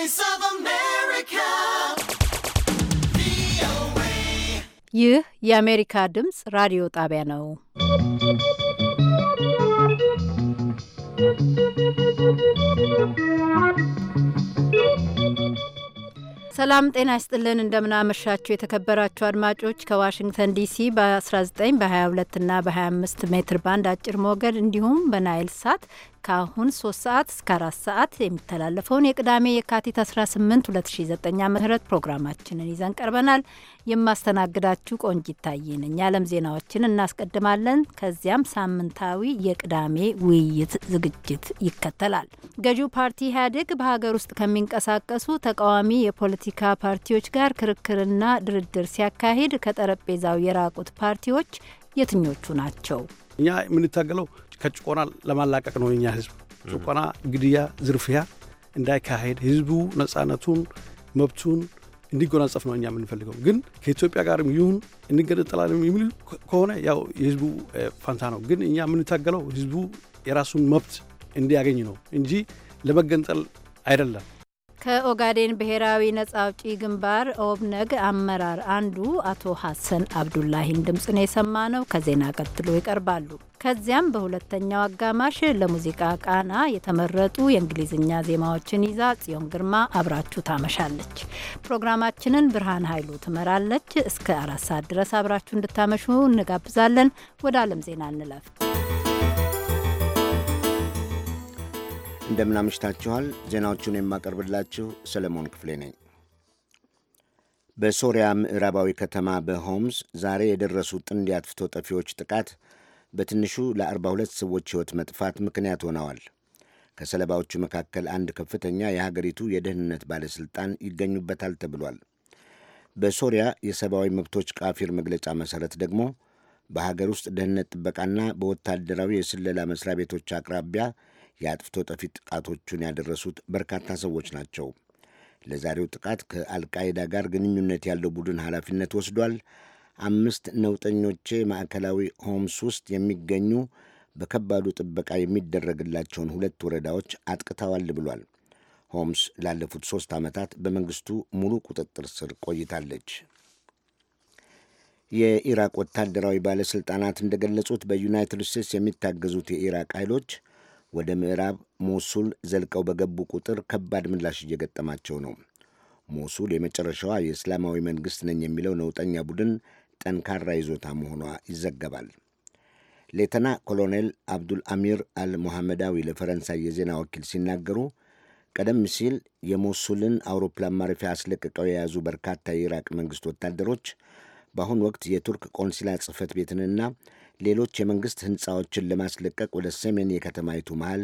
Voice ይህ የአሜሪካ ድምፅ ራዲዮ ጣቢያ ነው። ሰላም ጤና ይስጥልን። እንደምናመሻችሁ የተከበራችሁ አድማጮች ከዋሽንግተን ዲሲ በ19 በ22 እና በ25 ሜትር ባንድ አጭር ሞገድ እንዲሁም በናይል ሳት ከአሁን ሶስት ሰዓት እስከ 4 ሰዓት የሚተላለፈውን የቅዳሜ የካቲት 18 2009 ዓ.ም ፕሮግራማችንን ይዘን ቀርበናል። የማስተናግዳችሁ ቆንጅ ታየ ነኝ። የዓለም ዜናዎችን እናስቀድማለን። ከዚያም ሳምንታዊ የቅዳሜ ውይይት ዝግጅት ይከተላል። ገዢው ፓርቲ ኢህአዴግ በሀገር ውስጥ ከሚንቀሳቀሱ ተቃዋሚ የፖለቲካ ፓርቲዎች ጋር ክርክርና ድርድር ሲያካሂድ ከጠረጴዛው የራቁት ፓርቲዎች የትኞቹ ናቸው? እኛ የምንታገለው ከጭቆና ለማላቀቅ ነው የኛ ህዝብ። ጭቆና፣ ግድያ፣ ዝርፊያ እንዳይካሄድ ህዝቡ ነጻነቱን መብቱን እንዲጎናጸፍ ነው እኛ የምንፈልገው። ግን ከኢትዮጵያ ጋርም ይሁን እንገነጠላለን የሚል ከሆነ ያው የህዝቡ ፋንታ ነው። ግን እኛ የምንታገለው ህዝቡ የራሱን መብት እንዲያገኝ ነው እንጂ ለመገንጠል አይደለም። ከኦጋዴን ብሔራዊ ነጻ አውጪ ግንባር ኦብነግ አመራር አንዱ አቶ ሐሰን አብዱላሂን ድምፅ ነው የሰማ ነው። ከዜና ቀጥሎ ይቀርባሉ። ከዚያም በሁለተኛው አጋማሽ ለሙዚቃ ቃና የተመረጡ የእንግሊዝኛ ዜማዎችን ይዛ ጽዮን ግርማ አብራችሁ ታመሻለች። ፕሮግራማችንን ብርሃን ኃይሉ ትመራለች። እስከ አራት ሰዓት ድረስ አብራችሁ እንድታመሹ እንጋብዛለን። ወደ ዓለም ዜና እንለፍ። እንደምናምሽታችኋል። ዜናዎቹን የማቀርብላችሁ ሰለሞን ክፍሌ ነኝ። በሶሪያ ምዕራባዊ ከተማ በሆምስ ዛሬ የደረሱ ጥንድ የአጥፍቶ ጠፊዎች ጥቃት በትንሹ ለ42 ሰዎች ሕይወት መጥፋት ምክንያት ሆነዋል። ከሰለባዎቹ መካከል አንድ ከፍተኛ የሀገሪቱ የደህንነት ባለሥልጣን ይገኙበታል ተብሏል። በሶሪያ የሰብአዊ መብቶች ቃፊር መግለጫ መሠረት ደግሞ በሀገር ውስጥ ደህንነት ጥበቃና በወታደራዊ የስለላ መስሪያ ቤቶች አቅራቢያ የአጥፍቶ ጠፊ ጥቃቶቹን ያደረሱት በርካታ ሰዎች ናቸው። ለዛሬው ጥቃት ከአልቃይዳ ጋር ግንኙነት ያለው ቡድን ኃላፊነት ወስዷል። አምስት ነውጠኞቼ ማዕከላዊ ሆምስ ውስጥ የሚገኙ በከባዱ ጥበቃ የሚደረግላቸውን ሁለት ወረዳዎች አጥቅተዋል ብሏል። ሆምስ ላለፉት ሦስት ዓመታት በመንግሥቱ ሙሉ ቁጥጥር ስር ቆይታለች። የኢራቅ ወታደራዊ ባለሥልጣናት እንደገለጹት በዩናይትድ ስቴትስ የሚታገዙት የኢራቅ ኃይሎች ወደ ምዕራብ ሞሱል ዘልቀው በገቡ ቁጥር ከባድ ምላሽ እየገጠማቸው ነው። ሞሱል የመጨረሻዋ የእስላማዊ መንግሥት ነኝ የሚለው ነውጠኛ ቡድን ጠንካራ ይዞታ መሆኗ ይዘገባል። ሌተና ኮሎኔል አብዱል አሚር አል ሞሐመዳዊ ለፈረንሳይ የዜና ወኪል ሲናገሩ ቀደም ሲል የሞሱልን አውሮፕላን ማረፊያ አስለቅቀው የያዙ በርካታ የኢራቅ መንግሥት ወታደሮች በአሁኑ ወቅት የቱርክ ቆንሲላ ጽሕፈት ቤትንና ሌሎች የመንግሥት ሕንፃዎችን ለማስለቀቅ ወደ ሰሜን የከተማይቱ መሃል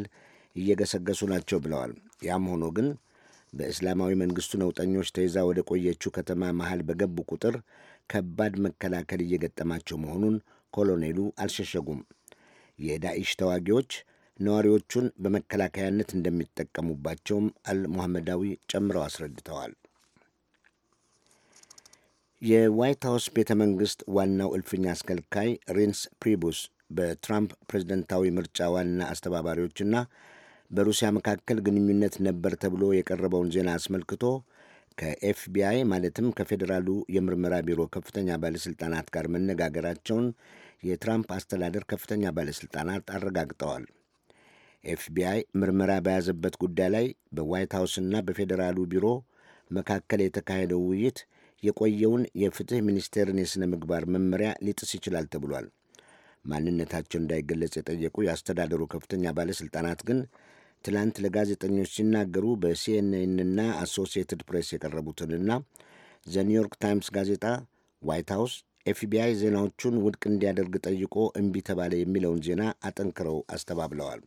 እየገሰገሱ ናቸው ብለዋል። ያም ሆኖ ግን በእስላማዊ መንግሥቱ ነውጠኞች ተይዛ ወደ ቆየችው ከተማ መሃል በገቡ ቁጥር ከባድ መከላከል እየገጠማቸው መሆኑን ኮሎኔሉ አልሸሸጉም። የዳኢሽ ተዋጊዎች ነዋሪዎቹን በመከላከያነት እንደሚጠቀሙባቸውም አል ጨምረው አስረድተዋል። የዋይት ሀውስ ቤተ መንግሥት ዋናው እልፍኝ አስከልካይ ሪንስ ፕሪቡስ በትራምፕ ፕሬዝደንታዊ ምርጫ ዋና አስተባባሪዎችና በሩሲያ መካከል ግንኙነት ነበር ተብሎ የቀረበውን ዜና አስመልክቶ ከኤፍቢአይ ማለትም ከፌዴራሉ የምርመራ ቢሮ ከፍተኛ ባለሥልጣናት ጋር መነጋገራቸውን የትራምፕ አስተዳደር ከፍተኛ ባለሥልጣናት አረጋግጠዋል። ኤፍቢአይ ምርመራ በያዘበት ጉዳይ ላይ በዋይት ሀውስና በፌዴራሉ ቢሮ መካከል የተካሄደው ውይይት የቆየውን የፍትህ ሚኒስቴርን የሥነ ምግባር መመሪያ ሊጥስ ይችላል ተብሏል። ማንነታቸው እንዳይገለጽ የጠየቁ የአስተዳደሩ ከፍተኛ ባለሥልጣናት ግን ትላንት ለጋዜጠኞች ሲናገሩ በሲኤንኤንና አሶሲየትድ ፕሬስ የቀረቡትንና ዘ ኒውዮርክ ታይምስ ጋዜጣ ዋይት ሃውስ ኤፍቢአይ ዜናዎቹን ውድቅ እንዲያደርግ ጠይቆ እምቢ ተባለ የሚለውን ዜና አጠንክረው አስተባብለዋል።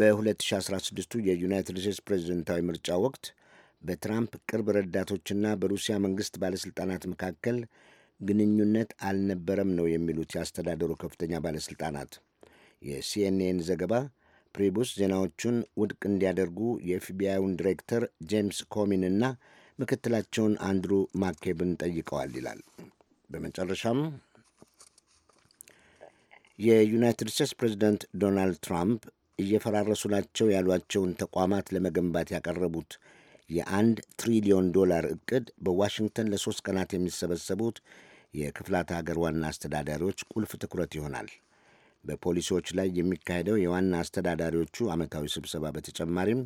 በ2016ቱ የዩናይትድ ስቴትስ ፕሬዝደንታዊ ምርጫ ወቅት በትራምፕ ቅርብ ረዳቶችና በሩሲያ መንግሥት ባለሥልጣናት መካከል ግንኙነት አልነበረም ነው የሚሉት የአስተዳደሩ ከፍተኛ ባለሥልጣናት። የሲኤንኤን ዘገባ ፕሪቡስ ዜናዎቹን ውድቅ እንዲያደርጉ የኤፍቢአይውን ዲሬክተር ጄምስ ኮሚንና ምክትላቸውን አንድሩ ማኬብን ጠይቀዋል ይላል። በመጨረሻም የዩናይትድ ስቴትስ ፕሬዚደንት ዶናልድ ትራምፕ እየፈራረሱ ናቸው ያሏቸውን ተቋማት ለመገንባት ያቀረቡት የአንድ ትሪሊዮን ዶላር እቅድ በዋሽንግተን ለሶስት ቀናት የሚሰበሰቡት የክፍላት ሀገር ዋና አስተዳዳሪዎች ቁልፍ ትኩረት ይሆናል። በፖሊሲዎች ላይ የሚካሄደው የዋና አስተዳዳሪዎቹ ዓመታዊ ስብሰባ በተጨማሪም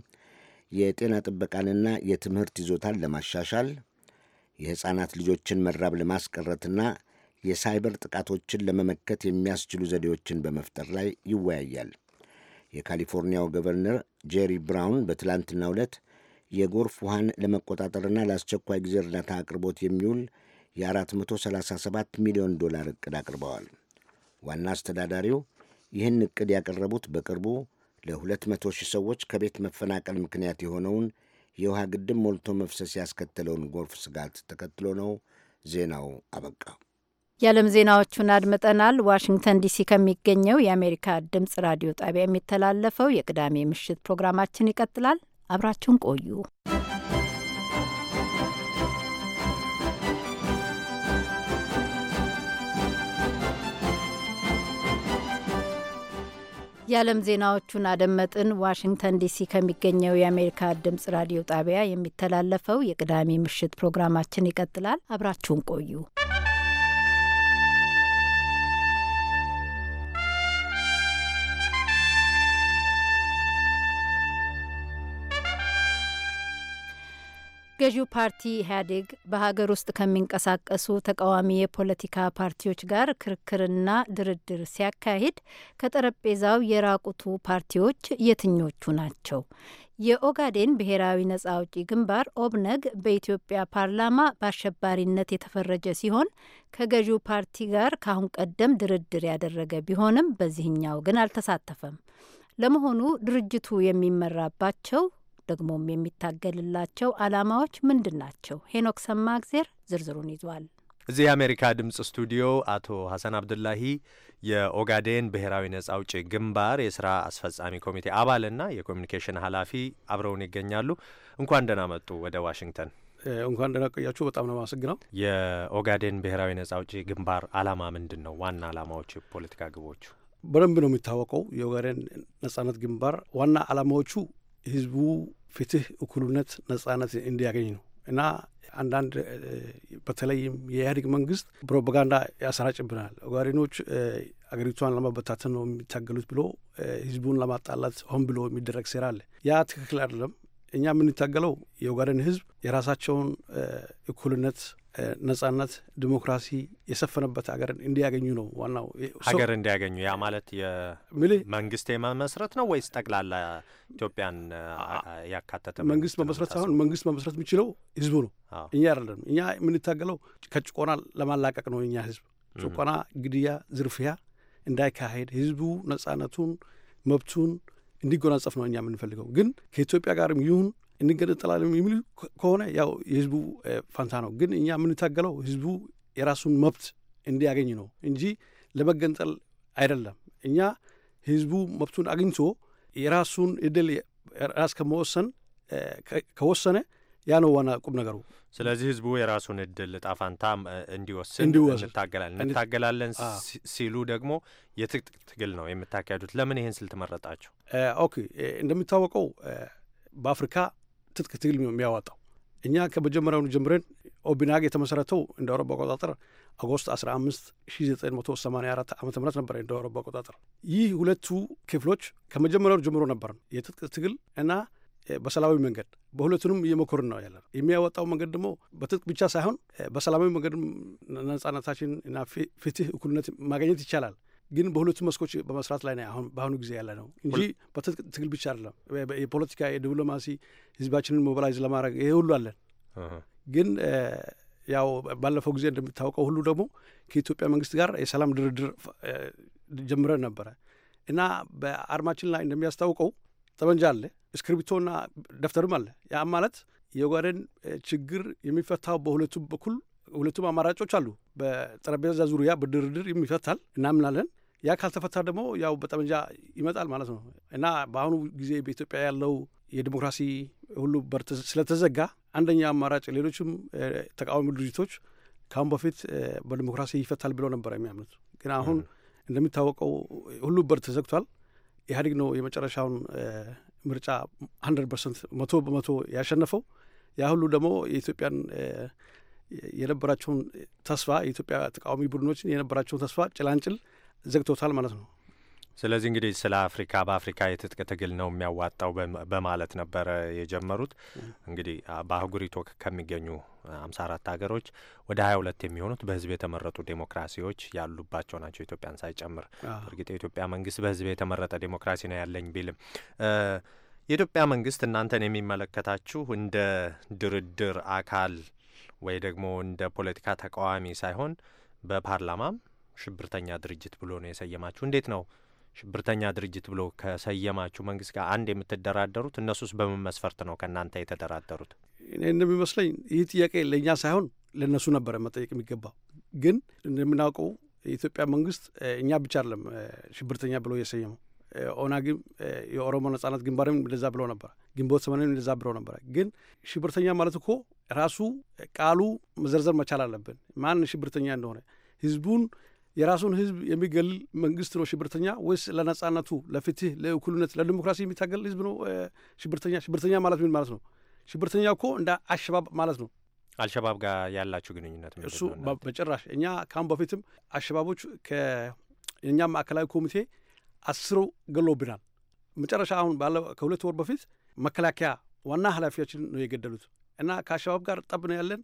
የጤና ጥበቃንና የትምህርት ይዞታን ለማሻሻል የሕፃናት ልጆችን መራብ ለማስቀረትና የሳይበር ጥቃቶችን ለመመከት የሚያስችሉ ዘዴዎችን በመፍጠር ላይ ይወያያል። የካሊፎርኒያው ገቨርነር ጄሪ ብራውን በትላንትናው ዕለት የጎርፍ ውሃን ለመቆጣጠርና ለአስቸኳይ ጊዜ እርዳታ አቅርቦት የሚውል የ437 ሚሊዮን ዶላር ዕቅድ አቅርበዋል። ዋና አስተዳዳሪው ይህን ዕቅድ ያቀረቡት በቅርቡ ለ200 ሺህ ሰዎች ከቤት መፈናቀል ምክንያት የሆነውን የውሃ ግድብ ሞልቶ መፍሰስ ያስከተለውን ጎርፍ ስጋት ተከትሎ ነው። ዜናው አበቃ። የዓለም ዜናዎቹን አድምጠናል። ዋሽንግተን ዲሲ ከሚገኘው የአሜሪካ ድምፅ ራዲዮ ጣቢያ የሚተላለፈው የቅዳሜ ምሽት ፕሮግራማችን ይቀጥላል። አብራችሁን ቆዩ። የዓለም ዜናዎቹን አደመጥን። ዋሽንግተን ዲሲ ከሚገኘው የአሜሪካ ድምጽ ራዲዮ ጣቢያ የሚተላለፈው የቅዳሜ ምሽት ፕሮግራማችን ይቀጥላል። አብራችሁን ቆዩ። ገዢው ፓርቲ ኢህአዴግ በሀገር ውስጥ ከሚንቀሳቀሱ ተቃዋሚ የፖለቲካ ፓርቲዎች ጋር ክርክርና ድርድር ሲያካሂድ ከጠረጴዛው የራቁቱ ፓርቲዎች የትኞቹ ናቸው? የኦጋዴን ብሔራዊ ነጻ አውጪ ግንባር ኦብነግ በኢትዮጵያ ፓርላማ በአሸባሪነት የተፈረጀ ሲሆን ከገዢው ፓርቲ ጋር ካሁን ቀደም ድርድር ያደረገ ቢሆንም በዚህኛው ግን አልተሳተፈም። ለመሆኑ ድርጅቱ የሚመራባቸው ደግሞም የሚታገልላቸው አላማዎች ምንድን ናቸው? ሄኖክ እግዜር ዝርዝሩን ይዟል። እዚህ የአሜሪካ ድምጽ ስቱዲዮ አቶ ሀሰን አብዱላሂ የኦጋዴን ብሔራዊ ነጻ አውጪ ግንባር የስራ አስፈጻሚ ኮሚቴ አባልና የኮሚኒኬሽን ኃላፊ አብረውን ይገኛሉ። እንኳን ደህና መጡ ወደ ዋሽንግተን። እንኳን ደህና ቆያችሁ። በጣም ነው የማመሰግነው። የኦጋዴን ብሔራዊ ነጻ አውጪ ግንባር አላማ ምንድን ነው? ዋና ዓላማዎቹ፣ የፖለቲካ ግቦቹ? በደንብ ነው የሚታወቀው። የኦጋዴን ነጻነት ግንባር ዋና አላማዎቹ ህዝቡ ፍትህ፣ እኩልነት፣ ነጻነት እንዲያገኝ ነው እና አንዳንድ በተለይም የኢህአዴግ መንግስት ፕሮፓጋንዳ ያሰራጭብናል። ኦጋዴኖች አገሪቷን ለማበታተን ነው የሚታገሉት ብሎ ህዝቡን ለማጣላት ሆን ብሎ የሚደረግ ሴራ አለ። ያ ትክክል አይደለም። እኛ የምንታገለው የኦጋዴን ህዝብ የራሳቸውን እኩልነት ነጻነት፣ ዲሞክራሲ የሰፈነበት ሀገር እንዲያገኙ ነው ዋናው ሀገር እንዲያገኙ። ያ ማለት መንግስት የመመስረት ነው ወይስ ጠቅላላ ኢትዮጵያን ያካተተ መንግስት መመስረት ሳይሆን መንግስት መመስረት የሚችለው ህዝቡ ነው፣ እኛ አይደለም። እኛ የምንታገለው ከጭቆና ለማላቀቅ ነው። እኛ ህዝብ ጭቆና፣ ግድያ፣ ዝርፊያ እንዳይካሄድ ህዝቡ ነጻነቱን መብቱን እንዲጎናጸፍ ነው እኛ የምንፈልገው። ግን ከኢትዮጵያ ጋርም ይሁን እንገነጠላለን የሚል ከሆነ ያው የህዝቡ ፋንታ ነው። ግን እኛ የምንታገለው ህዝቡ የራሱን መብት እንዲያገኝ ነው እንጂ ለመገንጠል አይደለም። እኛ ህዝቡ መብቱን አግኝቶ የራሱን እድል ራስ ከመወሰን ከወሰነ ያ ነው ዋና ቁም ነገሩ። ስለዚህ ህዝቡ የራሱን እድል እጣ ፋንታ እንዲወስን እንታገላለን እንታገላለን ሲሉ ደግሞ የትጥቅ ትግል ነው የምታካሄዱት። ለምን ይህን ስልት መረጣችሁ? ኦኬ እንደሚታወቀው በአፍሪካ ትጥቅ ትግል የሚያወጣው። እኛ ከመጀመሪያውኑ ጀምረን ኦቢናግ የተመሰረተው እንደ አውሮፓ አቆጣጠር አጎስት 15 1984 ዓ ም ነበር እንደ አውሮፓ አቆጣጠር። ይህ ሁለቱ ክፍሎች ከመጀመሪያው ጀምሮ ነበር የትጥቅ ትግል እና በሰላማዊ መንገድ በሁለቱንም እየሞከርን ነው ያለን። የሚያወጣው መንገድ ደግሞ በትጥቅ ብቻ ሳይሆን በሰላማዊ መንገድ ነጻነታችን እና ፍትህ፣ እኩልነት ማግኘት ይቻላል ግን በሁለቱም መስኮች በመስራት ላይ ነው በአሁኑ ጊዜ ያለ ነው እንጂ በትጥቅ ትግል ብቻ አይደለም። የፖለቲካ፣ የዲፕሎማሲ ህዝባችንን ሞቢላይዝ ለማድረግ ይሄ ሁሉ አለን። ግን ያው ባለፈው ጊዜ እንደሚታወቀው ሁሉ ደግሞ ከኢትዮጵያ መንግስት ጋር የሰላም ድርድር ጀምረን ነበረ እና በአርማችን ላይ እንደሚያስታውቀው ጠመንጃ አለ፣ እስክሪብቶና ደብተርም አለ። ያ ማለት የጓደን ችግር የሚፈታው በሁለቱም በኩል ሁለቱም አማራጮች አሉ። በጠረጴዛ ዙሪያ በድርድር የሚፈታል እናምናለን። ያ ካልተፈታ ደግሞ ያው በጠመንጃ ይመጣል ማለት ነው እና በአሁኑ ጊዜ በኢትዮጵያ ያለው የዲሞክራሲ ሁሉ በር ስለተዘጋ አንደኛ አማራጭ ሌሎችም ተቃዋሚ ድርጅቶች ከአሁን በፊት በዲሞክራሲ ይፈታል ብለው ነበር የሚያምኑት። ግን አሁን እንደሚታወቀው ሁሉ በር ተዘግቷል። ኢህአዴግ ነው የመጨረሻውን ምርጫ ሀንድረድ ፐርሰንት መቶ በመቶ ያሸነፈው። ያ ሁሉ ደግሞ የኢትዮጵያን የነበራቸውን ተስፋ የኢትዮጵያ ተቃዋሚ ቡድኖችን የነበራቸውን ተስፋ ጭላንጭል ዘግቶታል ማለት ነው። ስለዚህ እንግዲህ ስለ አፍሪካ በአፍሪካ የትጥቅ ትግል ነው የሚያዋጣው በማለት ነበረ የጀመሩት። እንግዲህ በአህጉሪቱ ከሚገኙ አምሳ አራት ሀገሮች ወደ ሀያ ሁለት የሚሆኑት በህዝብ የተመረጡ ዴሞክራሲዎች ያሉባቸው ናቸው ኢትዮጵያን ሳይጨምር። እርግጥ የኢትዮጵያ መንግስት በህዝብ የተመረጠ ዴሞክራሲ ነው ያለኝ ቢልም የኢትዮጵያ መንግስት እናንተን የሚመለከታችሁ እንደ ድርድር አካል ወይ ደግሞ እንደ ፖለቲካ ተቃዋሚ ሳይሆን በፓርላማም ሽብርተኛ ድርጅት ብሎ ነው የሰየማችሁ። እንዴት ነው ሽብርተኛ ድርጅት ብሎ ከሰየማችሁ መንግስት ጋር አንድ የምትደራደሩት? እነሱስ በምን መስፈርት ነው ከእናንተ የተደራደሩት? እኔ እንደሚመስለኝ ይህ ጥያቄ ለእኛ ሳይሆን ለእነሱ ነበረ መጠየቅ የሚገባው። ግን እንደምናውቀው የኢትዮጵያ መንግስት እኛ ብቻ አይደለም ሽብርተኛ ብሎ የሰየመው። ኦነግም የኦሮሞ ነጻነት ግንባርም እንደዛ ብሎ ነበረ፣ ግንቦት ሰመንም እንደዛ ብሎ ነበረ። ግን ሽብርተኛ ማለት እኮ ራሱ ቃሉ መዘርዘር መቻል አለብን፣ ማን ሽብርተኛ እንደሆነ ህዝቡን የራሱን ህዝብ የሚገልል መንግስት ነው ሽብርተኛ? ወይስ ለነጻነቱ፣ ለፍትህ፣ ለእኩልነት፣ ለዲሞክራሲ የሚታገል ህዝብ ነው ሽብርተኛ? ሽብርተኛ ማለት ምን ማለት ነው? ሽብርተኛ እኮ እንደ አሸባብ ማለት ነው። አልሸባብ ጋር ያላችሁ ግንኙነት እሱ በጭራሽ እኛ ካሁን በፊትም አሸባቦች ከእኛ ማዕከላዊ ኮሚቴ አስረው ገሎብናል። መጨረሻ አሁን ባለው ከሁለት ወር በፊት መከላከያ ዋና ኃላፊያችን ነው የገደሉት እና ከአሸባብ ጋር ጠብ ነው ያለን።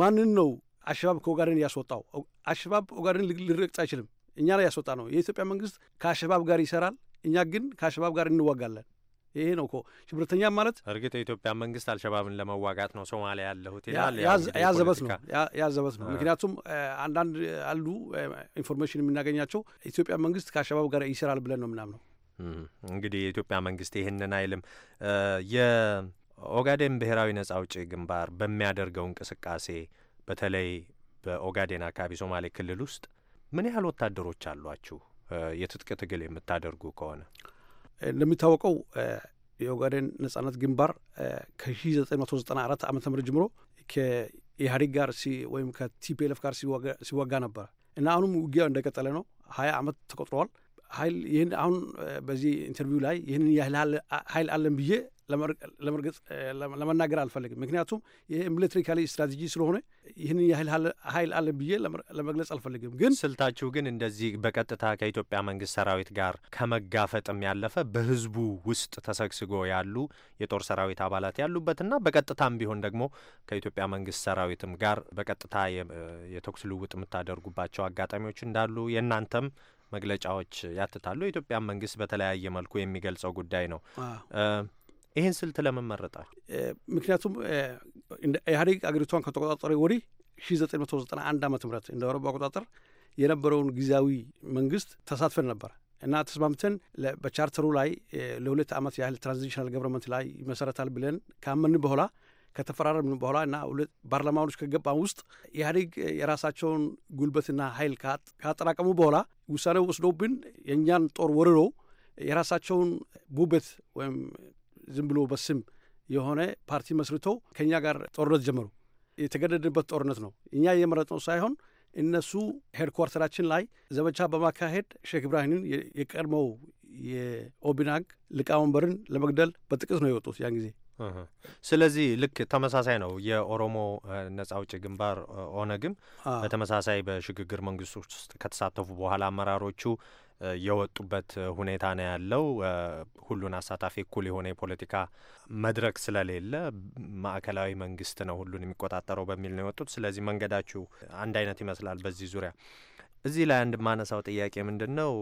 ማንን ነው አሸባብ ከኦጋዴን ያስወጣው። አሸባብ ኦጋዴን ሊረግጥ አይችልም። እኛ ላይ ያስወጣ ነው። የኢትዮጵያ መንግስት ከአሸባብ ጋር ይሰራል፣ እኛ ግን ከአሸባብ ጋር እንዋጋለን። ይሄ ነው እኮ ሽብርተኛ ማለት። እርግጥ የኢትዮጵያ መንግስት አልሸባብን ለመዋጋት ነው ሶማሊያ ያለሁት ይላል። ያዘበት ነው ያዘበት ነው። ምክንያቱም አንዳንድ አሉ ኢንፎርሜሽን የምናገኛቸው ኢትዮጵያ መንግስት ከአሸባብ ጋር ይሰራል ብለን ነው ምናምነው። እንግዲህ የኢትዮጵያ መንግስት ይህንን አይልም። የኦጋዴን ብሔራዊ ነጻ አውጪ ግንባር በሚያደርገው እንቅስቃሴ በተለይ በኦጋዴን አካባቢ ሶማሌ ክልል ውስጥ ምን ያህል ወታደሮች አሏችሁ? የትጥቅ ትግል የምታደርጉ ከሆነ እንደሚታወቀው የኦጋዴን ነጻነት ግንባር ከ1994 ዓ ም ጀምሮ ከኢህአዴግ ጋር ወይም ከቲፒኤልኤፍ ጋር ሲዋጋ ነበር እና አሁንም ውጊያው እንደቀጠለ ነው። ሀያ ዓመት ተቆጥረዋል። ሀይል ይህን አሁን በዚህ ኢንተርቪው ላይ ይህንን ያህል ሀይል አለን ብዬ ለመርገጽ ለመናገር አልፈልግም። ምክንያቱም ይሄ ሚሊትሪካሊ ስትራቴጂ ስለሆነ ይህን ያህል ሀይል አለ ብዬ ለመግለጽ አልፈልግም። ግን ስልታችሁ ግን እንደዚህ በቀጥታ ከኢትዮጵያ መንግስት ሰራዊት ጋር ከመጋፈጥም ያለፈ በህዝቡ ውስጥ ተሰግስጎ ያሉ የጦር ሰራዊት አባላት ያሉበትና በቀጥታም ቢሆን ደግሞ ከኢትዮጵያ መንግስት ሰራዊትም ጋር በቀጥታ የተኩስ ልውውጥ የምታደርጉባቸው አጋጣሚዎች እንዳሉ የእናንተም መግለጫዎች ያትታሉ። የኢትዮጵያ መንግስት በተለያየ መልኩ የሚገልጸው ጉዳይ ነው። ይህን ስልት ለምን መረጣችሁ? ምክንያቱም ኢህአዴግ አገሪቷን ከተቆጣጠረ ወዲህ አንድ ዓመተ ምህረት እንደ አውሮፓ አቆጣጠር የነበረውን ጊዜያዊ መንግስት ተሳትፈን ነበር እና ተስማምተን በቻርተሩ ላይ ለሁለት ዓመት ያህል ትራንዚሽናል ገቨርንመንት ላይ ይመሰረታል ብለን ካመን በኋላ ከተፈራረምን በኋላ እና ፓርላማኖች ከገባ ውስጥ ኢህአዴግ የራሳቸውን ጉልበትና ኃይል ካጠራቀሙ በኋላ ውሳኔ ወስዶብን የእኛን ጦር ወርሮ የራሳቸውን ቡበት ወይም ዝም ብሎ በስም የሆነ ፓርቲ መስርቶ ከእኛ ጋር ጦርነት ጀመሩ። የተገደድንበት ጦርነት ነው። እኛ የመረጥነው ሳይሆን እነሱ ሄድኳርተራችን ላይ ዘመቻ በማካሄድ ሼክ ኢብራሂምን የቀድሞው የኦቢናግ ሊቀመንበርን ለመግደል በጥቅስ ነው የወጡት ያን ጊዜ። ስለዚህ ልክ ተመሳሳይ ነው። የኦሮሞ ነጻ አውጪ ግንባር ኦነግም በተመሳሳይ በሽግግር መንግስት ውስጥ ከተሳተፉ በኋላ አመራሮቹ የወጡበት ሁኔታ ነው ያለው። ሁሉን አሳታፊ እኩል የሆነ የፖለቲካ መድረክ ስለሌለ ማዕከላዊ መንግስት ነው ሁሉን የሚቆጣጠረው በሚል ነው የወጡት። ስለዚህ መንገዳችሁ አንድ አይነት ይመስላል በዚህ ዙሪያ። እዚህ ላይ አንድ ማነሳው ጥያቄ ምንድን ነው፣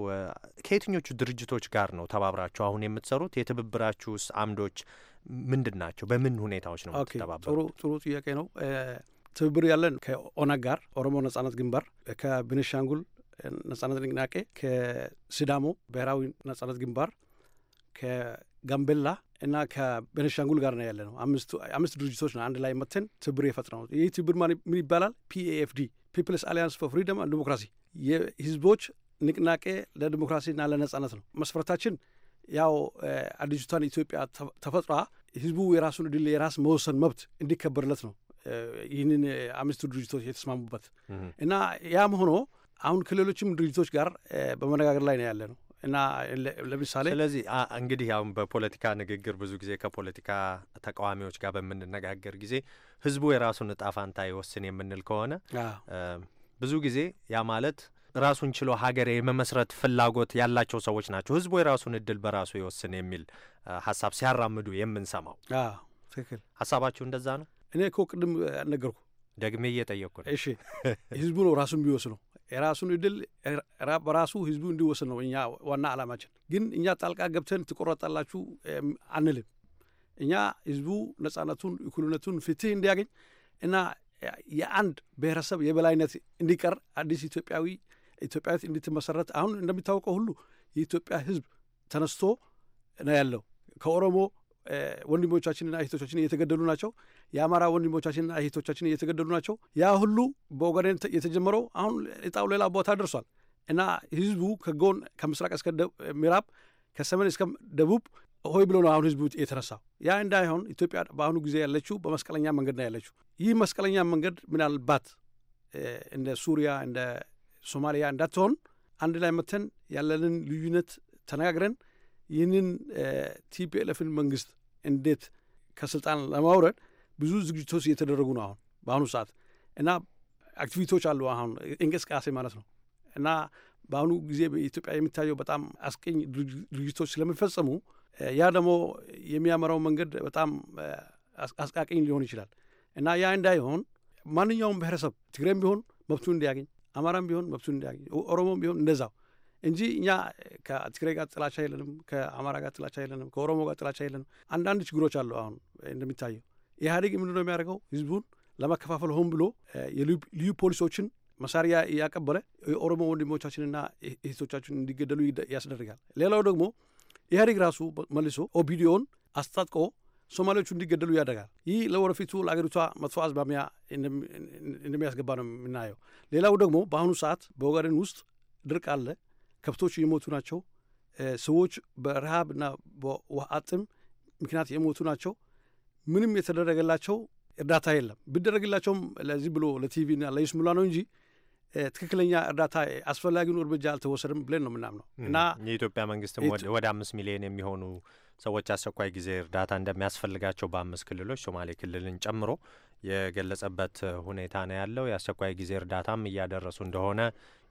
ከየትኞቹ ድርጅቶች ጋር ነው ተባብራችሁ አሁን የምትሰሩት? የትብብራችሁስ አምዶች ምንድን ናቸው? በምን ሁኔታዎች ነው የምትተባበሩት? ጥሩ ጥያቄ ነው። ትብብር ያለን ከኦነግ ጋር ኦሮሞ ነጻነት ግንባር፣ ከቤኒሻንጉል ነጻነት ንቅናቄ ከሲዳሞ ብሔራዊ ነጻነት ግንባር ከጋምቤላ እና ከቤነሻንጉል ጋር ነው ያለ ነው። አምስት ድርጅቶች ነው አንድ ላይ መተን ትብር የፈጥረ ነው። ይህ ትብር ምን ይባላል? ፒኤኤፍዲ ፒፕልስ አሊያንስ ፎር ፍሪደም ዲሞክራሲ፣ የህዝቦች ንቅናቄ ለዲሞክራሲና ለነጻነት ነው። መስፈረታችን ያው አዲጅቷን ኢትዮጵያ ተፈጥሯ ህዝቡ የራሱን እድል የራስ መወሰን መብት እንዲከበርለት ነው። ይህንን አምስቱ ድርጅቶች የተስማሙበት እና ያም ሆኖ አሁን ክልሎችም ድርጅቶች ጋር በመነጋገር ላይ ነው ያለ ነው እና ለምሳሌ ስለዚህ እንግዲህ አሁን በፖለቲካ ንግግር ብዙ ጊዜ ከፖለቲካ ተቃዋሚዎች ጋር በምንነጋገር ጊዜ ህዝቡ የራሱን እጣ ፋንታ ይወስን የምንል ከሆነ ብዙ ጊዜ ያ ማለት ራሱን ችሎ ሀገር የመመስረት ፍላጎት ያላቸው ሰዎች ናቸው። ህዝቡ የራሱን እድል በራሱ ይወስን የሚል ሀሳብ ሲያራምዱ የምንሰማው ትክክል። ሀሳባችሁ እንደዛ ነው? እኔ እኮ ቅድም ነገርኩ፣ ደግሜ እየጠየቅኩ ነው። እሺ ህዝቡ ነው ራሱን ቢወስነው የራሱን እድል በራሱ ህዝቡ እንዲወስድ ነው እኛ ዋና ዓላማችን። ግን እኛ ጣልቃ ገብተን ትቆረጣላችሁ አንልም። እኛ ህዝቡ ነጻነቱን፣ እኩልነቱን፣ ፍትህ እንዲያገኝ እና የአንድ ብሔረሰብ የበላይነት እንዲቀር አዲስ ኢትዮጵያዊ ኢትዮጵያዊት እንድትመሰረት አሁን እንደሚታወቀው ሁሉ የኢትዮጵያ ህዝብ ተነስቶ ነው ያለው ከኦሮሞ ወንድሞቻችንና እህቶቻችን እየተገደሉ ናቸው። የአማራ ወንድሞቻችንና እህቶቻችን እየተገደሉ ናቸው። ያ ሁሉ በኦጋዴን የተጀመረው አሁን እጣው ሌላ ቦታ ደርሷል እና ህዝቡ ከጎን ከምስራቅ እስከ ምዕራብ ከሰሜን እስከ ደቡብ ሆይ ብሎ ነው አሁን ህዝቡ የተነሳው። ያ እንዳይሆን ኢትዮጵያ በአሁኑ ጊዜ ያለችው በመስቀለኛ መንገድ ነው ያለችው። ይህ መስቀለኛ መንገድ ምናልባት እንደ ሱሪያ እንደ ሶማሊያ እንዳትሆን አንድ ላይ መተን ያለንን ልዩነት ተነጋግረን ይህንን ቲፒኤልኤፍን መንግስት እንዴት ከስልጣን ለማውረድ ብዙ ዝግጅቶች እየተደረጉ ነው አሁን በአሁኑ ሰዓት እና አክቲቪቲዎች አሉ አሁን እንቅስቃሴ ማለት ነው እና በአሁኑ ጊዜ በኢትዮጵያ የሚታየው በጣም አስቀኝ ድርጅቶች ስለሚፈጸሙ ያ ደግሞ የሚያመራው መንገድ በጣም አስቃቀኝ ሊሆን ይችላል እና ያ እንዳይሆን ማንኛውም ብሔረሰብ ትግራይም ቢሆን መብቱን እንዲያገኝ፣ አማራም ቢሆን መብቱን እንዲያገኝ፣ ኦሮሞም ቢሆን እንደዛው እንጂ እኛ ከትግራይ ጋር ጥላቻ የለንም፣ ከአማራ ጋር ጥላቻ የለንም፣ ከኦሮሞ ጋር ጥላቻ የለንም። አንዳንድ ችግሮች አሉ። አሁን እንደሚታየው ኢህአዴግ ምንድነው የሚያደርገው? ህዝቡን ለመከፋፈል ሆን ብሎ ልዩ ፖሊሶችን መሳሪያ እያቀበለ የኦሮሞ ወንድሞቻችንና እህቶቻችን እንዲገደሉ ያስደርጋል። ሌላው ደግሞ ኢህአዴግ ራሱ መልሶ ኦቢዲዮን አስታጥቆ ሶማሌዎቹ እንዲገደሉ ያደርጋል። ይህ ለወደፊቱ ለአገሪቷ መጥፎ አዝማሚያ እንደሚያስገባ ነው የምናየው። ሌላው ደግሞ በአሁኑ ሰዓት በወጋዴን ውስጥ ድርቅ አለ። ከብቶች የሞቱ ናቸው። ሰዎች በረሃብና በውሃ አጥም ምክንያት የሞቱ ናቸው። ምንም የተደረገላቸው እርዳታ የለም። ቢደረግላቸውም ለዚህ ብሎ ለቲቪና ለይስሙላ ነው እንጂ ትክክለኛ እርዳታ አስፈላጊውን እርምጃ አልተወሰድም ብለን ነው የምናምነው እና የኢትዮጵያ መንግስትም ወደ አምስት ሚሊዮን የሚሆኑ ሰዎች አስቸኳይ ጊዜ እርዳታ እንደሚያስፈልጋቸው በአምስት ክልሎች ሶማሌ ክልልን ጨምሮ የገለጸበት ሁኔታ ነው ያለው። የአስቸኳይ ጊዜ እርዳታም እያደረሱ እንደሆነ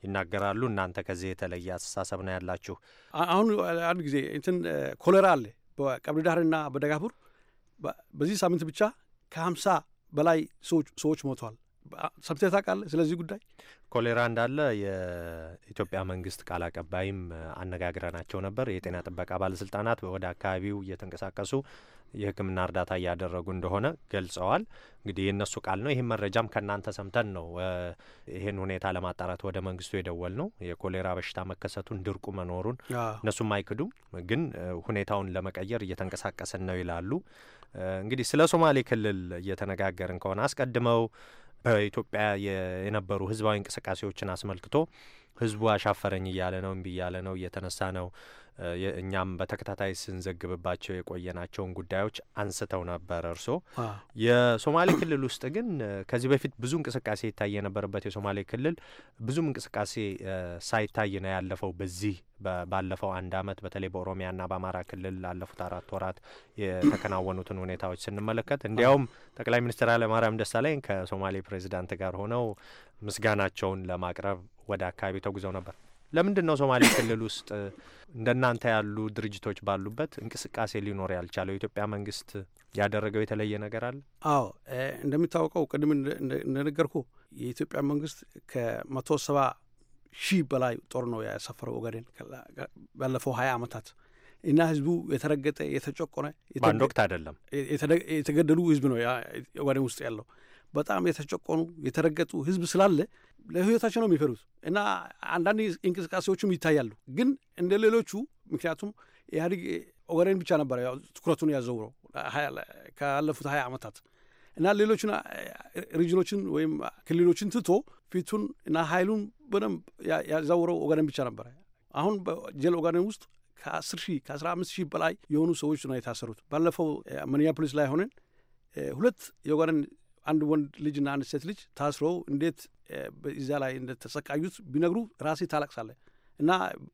ይናገራሉ። እናንተ ከዚህ የተለየ አስተሳሰብ ነው ያላችሁ? አሁን አንድ ጊዜ እንትን ኮሌራ አለ በቀብሪ ዳህርና በደጋቡር በዚህ ሳምንት ብቻ ከሀምሳ በላይ ሰዎች ሞተዋል። ሰምተህ ታውቃለህ ስለዚህ ጉዳይ? ኮሌራ እንዳለ የኢትዮጵያ መንግስት ቃል አቀባይም አነጋግረናቸው ነበር። የጤና ጥበቃ ባለስልጣናት ወደ አካባቢው እየተንቀሳቀሱ የሕክምና እርዳታ እያደረጉ እንደሆነ ገልጸዋል። እንግዲህ የእነሱ ቃል ነው። ይህም መረጃም ከእናንተ ሰምተን ነው ይህን ሁኔታ ለማጣራት ወደ መንግስቱ የደወል ነው። የኮሌራ በሽታ መከሰቱን፣ ድርቁ መኖሩን እነሱም አይክዱም፣ ግን ሁኔታውን ለመቀየር እየተንቀሳቀስን ነው ይላሉ። እንግዲህ ስለ ሶማሌ ክልል እየተነጋገርን ከሆነ አስቀድመው በኢትዮጵያ የነበሩ ህዝባዊ እንቅስቃሴዎችን አስመልክቶ ህዝቡ አሻፈረኝ እያለ ነው፣ እምቢ እያለ ነው፣ እየተነሳ ነው እኛም በተከታታይ ስንዘግብባቸው የቆየናቸውን ጉዳዮች አንስተው ነበር። እርሶ የሶማሌ ክልል ውስጥ ግን ከዚህ በፊት ብዙ እንቅስቃሴ ይታይ የነበረበት የሶማሌ ክልል ብዙም እንቅስቃሴ ሳይታይ ነው ያለፈው። በዚህ ባለፈው አንድ አመት በተለይ በኦሮሚያና በአማራ ክልል ላለፉት አራት ወራት የተከናወኑትን ሁኔታዎች ስንመለከት እንዲያውም ጠቅላይ ሚኒስትር ኃይለማርያም ደሳለኝ ከሶማሌ ፕሬዚዳንት ጋር ሆነው ምስጋናቸውን ለማቅረብ ወደ አካባቢ ተጉዘው ነበር። ለምንድን ነው ሶማሌ ክልል ውስጥ እንደናንተ ያሉ ድርጅቶች ባሉበት እንቅስቃሴ ሊኖር ያልቻለው? የኢትዮጵያ መንግስት ያደረገው የተለየ ነገር አለ? አዎ፣ እንደሚታወቀው ቅድም እንደነገርኩ የኢትዮጵያ መንግስት ከመቶ ሰባ ሺህ በላይ ጦር ነው ያሰፈረው ኦጋዴን ባለፈው ሀያ አመታት እና ህዝቡ የተረገጠ የተጨቆነ በአንድ ወቅት አይደለም የተገደሉ ህዝብ ነው ኦጋዴን ውስጥ ያለው በጣም የተጨቆኑ የተረገጡ ህዝብ ስላለ ለህይወታቸው ነው የሚፈሩት እና አንዳንድ እንቅስቃሴዎቹም ይታያሉ። ግን እንደ ሌሎቹ ምክንያቱም ኢህአዴግ ኦጋዴን ብቻ ነበረ ትኩረቱን ያዘውረው ካለፉት ሀያ ዓመታት እና ሌሎችን ሪጅኖችን ወይም ክልሎችን ትቶ ፊቱን እና ኃይሉን በደንብ ያዛውረው ኦጋዴን ብቻ ነበረ። አሁን ጀል ኦጋዴን ውስጥ ከአስር ሺህ ከአስራ አምስት ሺህ በላይ የሆኑ ሰዎች ነው የታሰሩት። ባለፈው ሚኒያፖሊስ ላይ ሆነን ሁለት የኦጋዴን አንድ ወንድ ልጅና አንድ ሴት ልጅ ታስሮ እንዴት እዚያ ላይ እንደተሰቃዩት ቢነግሩ ራሴ ታላቅሳለ እና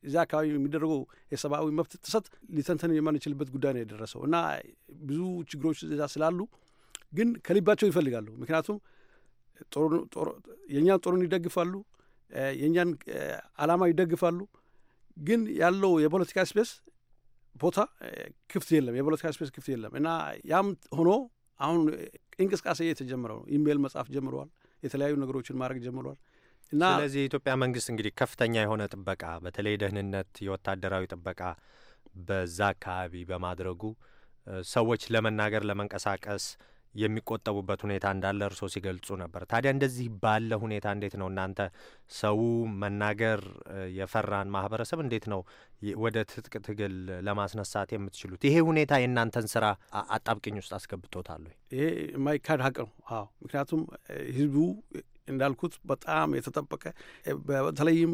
እዚያ አካባቢ የሚደረገው የሰብአዊ መብት ጥሰት ሊተንተን የማንችልበት ጉዳይ ነው የደረሰው እና ብዙ ችግሮች ዛ ስላሉ ግን ከልባቸው ይፈልጋሉ። ምክንያቱም የእኛን ጦርን ይደግፋሉ፣ የእኛን አላማ ይደግፋሉ። ግን ያለው የፖለቲካ ስፔስ ቦታ ክፍት የለም፣ የፖለቲካ ስፔስ ክፍት የለም እና ያም ሆኖ አሁን እንቅስቃሴ የተጀመረው ነው። ኢሜይል መጻፍ ጀምረዋል። የተለያዩ ነገሮችን ማድረግ ጀምረዋል። እና ስለዚህ የኢትዮጵያ መንግስት እንግዲህ ከፍተኛ የሆነ ጥበቃ በተለይ ደህንነት፣ የወታደራዊ ጥበቃ በዛ አካባቢ በማድረጉ ሰዎች ለመናገር ለመንቀሳቀስ የሚቆጠቡበት ሁኔታ እንዳለ እርሶ ሲገልጹ ነበር። ታዲያ እንደዚህ ባለ ሁኔታ እንዴት ነው እናንተ ሰው መናገር የፈራን ማህበረሰብ እንዴት ነው ወደ ትጥቅ ትግል ለማስነሳት የምትችሉት? ይሄ ሁኔታ የእናንተን ስራ አጣብቅኝ ውስጥ አስገብቶታል ይሄ የማይካድ ሀቅ ነው። አዎ፣ ምክንያቱም ህዝቡ እንዳልኩት በጣም የተጠበቀ በተለይም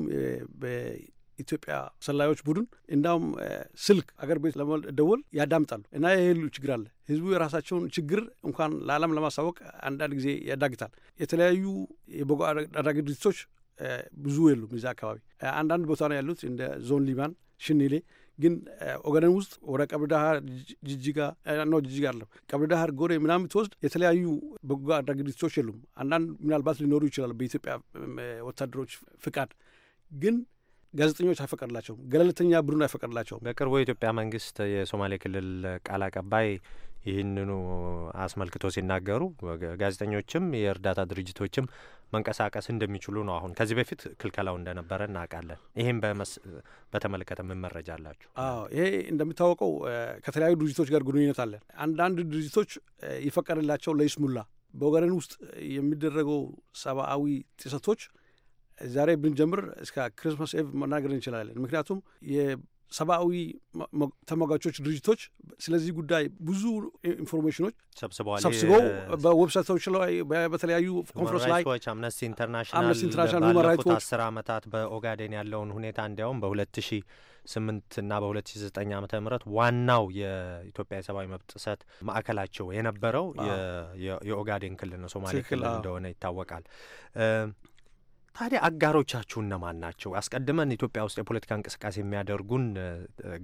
ኢትዮጵያ ሰላዮች ቡድን እንዳውም ስልክ አገር ቤት ለመደወል ያዳምጣሉ እና ይህ ሁሉ ችግር አለ። ህዝቡ የራሳቸውን ችግር እንኳን ለዓለም ለማሳወቅ አንዳንድ ጊዜ ያዳግታል። የተለያዩ የበጎ አድራጊ ድርጅቶች ብዙ የሉም እዚ አካባቢ። አንዳንድ ቦታ ነው ያሉት እንደ ዞን ሊባን፣ ሽኒሌ ግን ኦጋደን ውስጥ ወደ ቀብሪ ዳህር ጅጅጋ ነው ጅጅጋ አለም ቀብሪ ዳህር ጎሬ ምናምን ትወስድ የተለያዩ በጎ አድራጊ ድርጅቶች የሉም። አንዳንድ ምናልባት ሊኖሩ ይችላሉ በኢትዮጵያ ወታደሮች ፍቃድ ግን ጋዜጠኞች አይፈቀድላቸውም፣ ገለልተኛ ቡድን አይፈቀድላቸውም። በቅርቡ የኢትዮጵያ መንግስት የሶማሌ ክልል ቃል አቀባይ ይህንኑ አስመልክቶ ሲናገሩ ጋዜጠኞችም የእርዳታ ድርጅቶችም መንቀሳቀስ እንደሚችሉ ነው። አሁን ከዚህ በፊት ክልከላው እንደነበረ እናውቃለን። ይህም በተመለከተ ምን መረጃ አላችሁ? አዎ ይሄ እንደሚታወቀው ከተለያዩ ድርጅቶች ጋር ግንኙነት አለን። አንዳንድ ድርጅቶች ይፈቀድላቸው ለይስሙላ በወገንን ውስጥ የሚደረገው ሰብአዊ ጥሰቶች ዛሬ ብንጀምር እስከ ክርስማስ ኤቭ መናገር እንችላለን። ምክንያቱም የሰብአዊ ተሟጋቾች ድርጅቶች ስለዚህ ጉዳይ ብዙ ኢንፎርሜሽኖች ሰብስበው በዌብሳይቶች ላይ በተለያዩ ኮንፈረንስ ላይ አምነስቲ ኢንተርናሽናል ኢንተርናሽናል ባለፉት አስር ዓመታት በኦጋዴን ያለውን ሁኔታ እንዲያውም በሁለት ሺ ስምንት እና በሁለት ሺ ዘጠኝ ዓመተ ምህረት ዋናው የኢትዮጵያ የሰብአዊ መብት ጥሰት ማዕከላቸው የነበረው የኦጋዴን ክልል ነው፣ ሶማሌ ክልል እንደሆነ ይታወቃል። ታዲያ አጋሮቻችሁ እነማን ናቸው? አስቀድመን ኢትዮጵያ ውስጥ የፖለቲካ እንቅስቃሴ የሚያደርጉን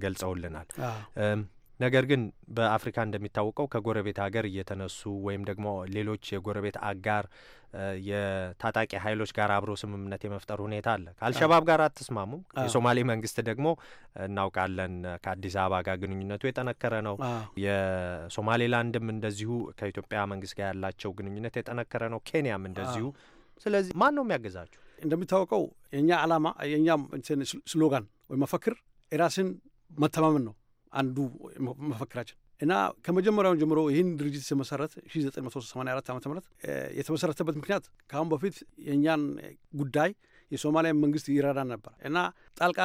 ገልጸውልናል። ነገር ግን በአፍሪካ እንደሚታወቀው ከጎረቤት ሀገር እየተነሱ ወይም ደግሞ ሌሎች የጎረቤት አጋር የታጣቂ ኃይሎች ጋር አብሮ ስምምነት የመፍጠር ሁኔታ አለ። ከአልሸባብ ጋር አትስማሙም። የሶማሌ መንግስት ደግሞ እናውቃለን ከአዲስ አበባ ጋር ግንኙነቱ የጠነከረ ነው። የሶማሌላንድም እንደዚሁ ከኢትዮጵያ መንግስት ጋር ያላቸው ግንኙነት የጠነከረ ነው። ኬንያም እንደዚሁ ስለዚህ ማን ነው የሚያገዛችሁ? እንደሚታወቀው የእኛ ዓላማ የእኛ ስሎጋን ወይ መፈክር የራስን መተማመን ነው አንዱ መፈክራችን እና ከመጀመሪያውን ጀምሮ ይህን ድርጅት ሲመሰረት 1984 ዓ ም የተመሰረተበት ምክንያት ከአሁን በፊት የእኛን ጉዳይ የሶማሊያ መንግስት ይረዳ ነበር እና ጣልቃ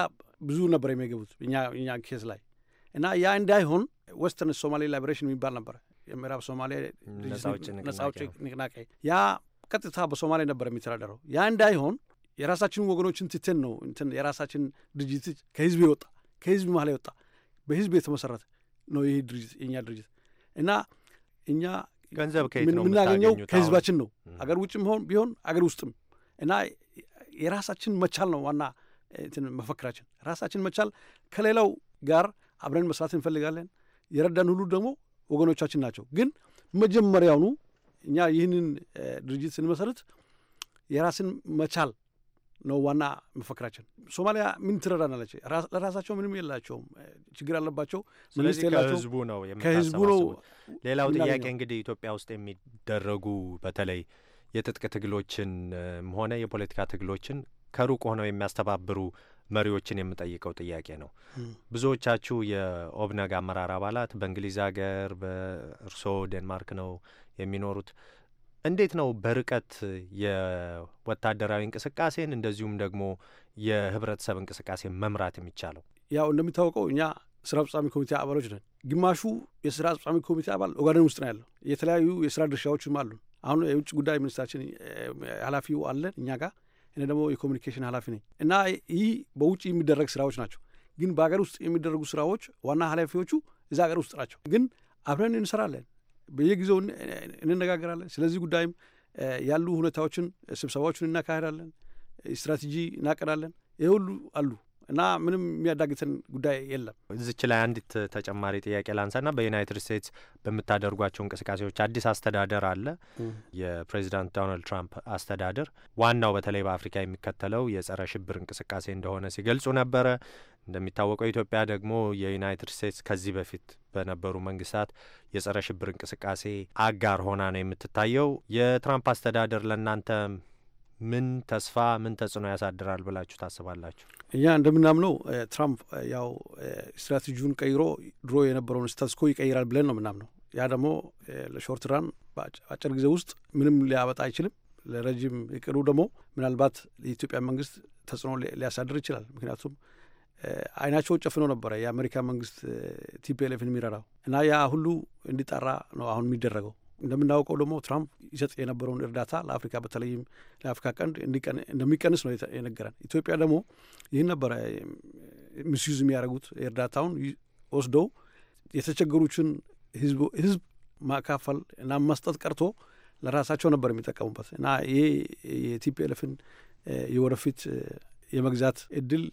ብዙ ነበር የሚገቡት እኛ ኬስ ላይ እና ያ እንዳይሆን ወስተን ሶማሌ ላይብሬሽን የሚባል ነበር የምዕራብ ሶማሌ ነጻዎች ንቅናቄ ያ ቀጥታ በሶማሌ ነበር የሚተዳደረው። ያ እንዳይሆን የራሳችን ወገኖችን ትተን ነው እንትን የራሳችን ድርጅት ከህዝብ የወጣ ከህዝብ መሀል የወጣ በህዝብ የተመሰረተ ነው ይህ ድርጅት የእኛ ድርጅት እና እኛ ገንዘብ የምናገኘው ከህዝባችን ነው። አገር ውጭም ሆን ቢሆን አገር ውስጥም እና የራሳችን መቻል ነው ዋና እንትን መፈክራችን ራሳችን መቻል። ከሌላው ጋር አብረን መስራት እንፈልጋለን። የረዳን ሁሉ ደግሞ ወገኖቻችን ናቸው። ግን መጀመሪያውኑ እኛ ይህንን ድርጅት ስንመሰርት የራስን መቻል ነው ዋና መፈክራችን። ሶማሊያ ምን ትረዳናለች? ለራሳቸው ምንም የላቸውም፣ ችግር አለባቸው። ስለዚህ ከህዝቡ ነው ከህዝቡ ነው። ሌላው ጥያቄ እንግዲህ ኢትዮጵያ ውስጥ የሚደረጉ በተለይ የትጥቅ ትግሎችን ሆነ የፖለቲካ ትግሎችን ከሩቅ ሆነው የሚያስተባብሩ መሪዎችን የምጠይቀው ጥያቄ ነው። ብዙዎቻችሁ የኦብነግ አመራር አባላት በእንግሊዝ ሀገር በእርሶ ዴንማርክ ነው የሚኖሩት። እንዴት ነው በርቀት የወታደራዊ እንቅስቃሴን እንደዚሁም ደግሞ የህብረተሰብ እንቅስቃሴ መምራት የሚቻለው? ያው እንደሚታወቀው እኛ ስራ አስፈጻሚ ኮሚቴ አባሎች ነን። ግማሹ የስራ አስፈጻሚ ኮሚቴ አባል ኦጋደን ውስጥ ነው ያለው። የተለያዩ የስራ ድርሻዎችም አሉ አሁን የውጭ ጉዳይ ሚኒስትራችን ኃላፊው አለን እኛ ጋር እኔ ደግሞ የኮሚኒኬሽን ኃላፊ ነኝ እና ይህ በውጭ የሚደረግ ስራዎች ናቸው። ግን በሀገር ውስጥ የሚደረጉ ስራዎች ዋና ኃላፊዎቹ እዚ ሀገር ውስጥ ናቸው። ግን አብረን እንሰራለን፣ በየጊዜው እንነጋገራለን። ስለዚህ ጉዳይም ያሉ ሁኔታዎችን ስብሰባዎችን እናካሄዳለን፣ ስትራቴጂ እናቀዳለን። ይህ ሁሉ አሉ እና ምንም የሚያዳግትን ጉዳይ የለም። እዚች ላይ አንዲት ተጨማሪ ጥያቄ ላንሳና በዩናይትድ ስቴትስ በምታደርጓቸው እንቅስቃሴዎች አዲስ አስተዳደር አለ። የፕሬዚዳንት ዶናልድ ትራምፕ አስተዳደር ዋናው በተለይ በአፍሪካ የሚከተለው የጸረ ሽብር እንቅስቃሴ እንደሆነ ሲገልጹ ነበረ። እንደሚታወቀው ኢትዮጵያ ደግሞ የዩናይትድ ስቴትስ ከዚህ በፊት በነበሩ መንግስታት የጸረ ሽብር እንቅስቃሴ አጋር ሆና ነው የምትታየው። የትራምፕ አስተዳደር ለእናንተ ምን ተስፋ ምን ተጽዕኖ ያሳድራል ብላችሁ ታስባላችሁ? እኛ እንደምናምነው ትራምፕ ያው ስትራቴጂውን ቀይሮ ድሮ የነበረውን ስታትስኮ ይቀይራል ብለን ነው የምናምነው። ያ ደግሞ ለሾርት ራን በአጭር ጊዜ ውስጥ ምንም ሊያበጣ አይችልም። ለረጅም እቅዱ ደግሞ ምናልባት የኢትዮጵያ መንግስት ተጽዕኖ ሊያሳድር ይችላል። ምክንያቱም አይናቸው ጨፍኖ ነበረ የአሜሪካ መንግስት ቲፒኤልኤፍን የሚረዳው እና ያ ሁሉ እንዲጠራ ነው አሁን የሚደረገው እንደምናውቀው ደግሞ ትራምፕ ይሰጥ የነበረውን እርዳታ ለአፍሪካ በተለይም ለአፍሪካ ቀንድ እንደሚቀንስ ነው የነገረን። ኢትዮጵያ ደግሞ ይህን ነበረ ሚስዩዝ የሚያደርጉት እርዳታውን ወስደው የተቸገሩችን ህዝብ ማካፈል እና መስጠት ቀርቶ ለራሳቸው ነበር የሚጠቀሙበት እና ይሄ የቲፒኤልኤፍን የወደፊት የመግዛት እድል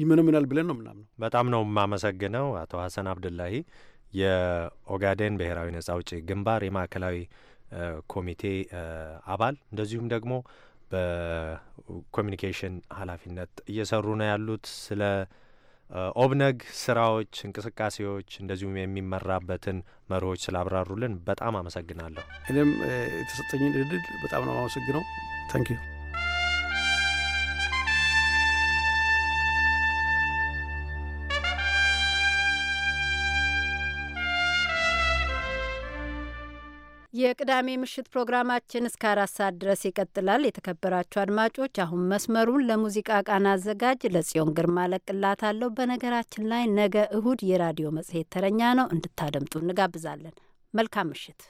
ይመነምናል ብለን ነው ምናምነው። በጣም ነው የማመሰግነው አቶ ሀሰን አብድላሂ። የኦጋዴን ብሔራዊ ነጻ አውጪ ግንባር የማዕከላዊ ኮሚቴ አባል እንደዚሁም ደግሞ በኮሚኒኬሽን ኃላፊነት እየሰሩ ነው ያሉት። ስለ ኦብነግ ስራዎች፣ እንቅስቃሴዎች እንደዚሁም የሚመራበትን መሪዎች ስላብራሩልን በጣም አመሰግናለሁ። እኔም የተሰጠኝን እድል በጣም ነው አመሰግነው። ታንኪዩ የቅዳሜ ምሽት ፕሮግራማችን እስከ አራት ሰዓት ድረስ ይቀጥላል። የተከበራችሁ አድማጮች፣ አሁን መስመሩን ለሙዚቃ ቃና አዘጋጅ ለጽዮን ግርማ ለቅላታለሁ። በነገራችን ላይ ነገ እሁድ የራዲዮ መጽሔት ተረኛ ነው፣ እንድታደምጡ እንጋብዛለን። መልካም ምሽት።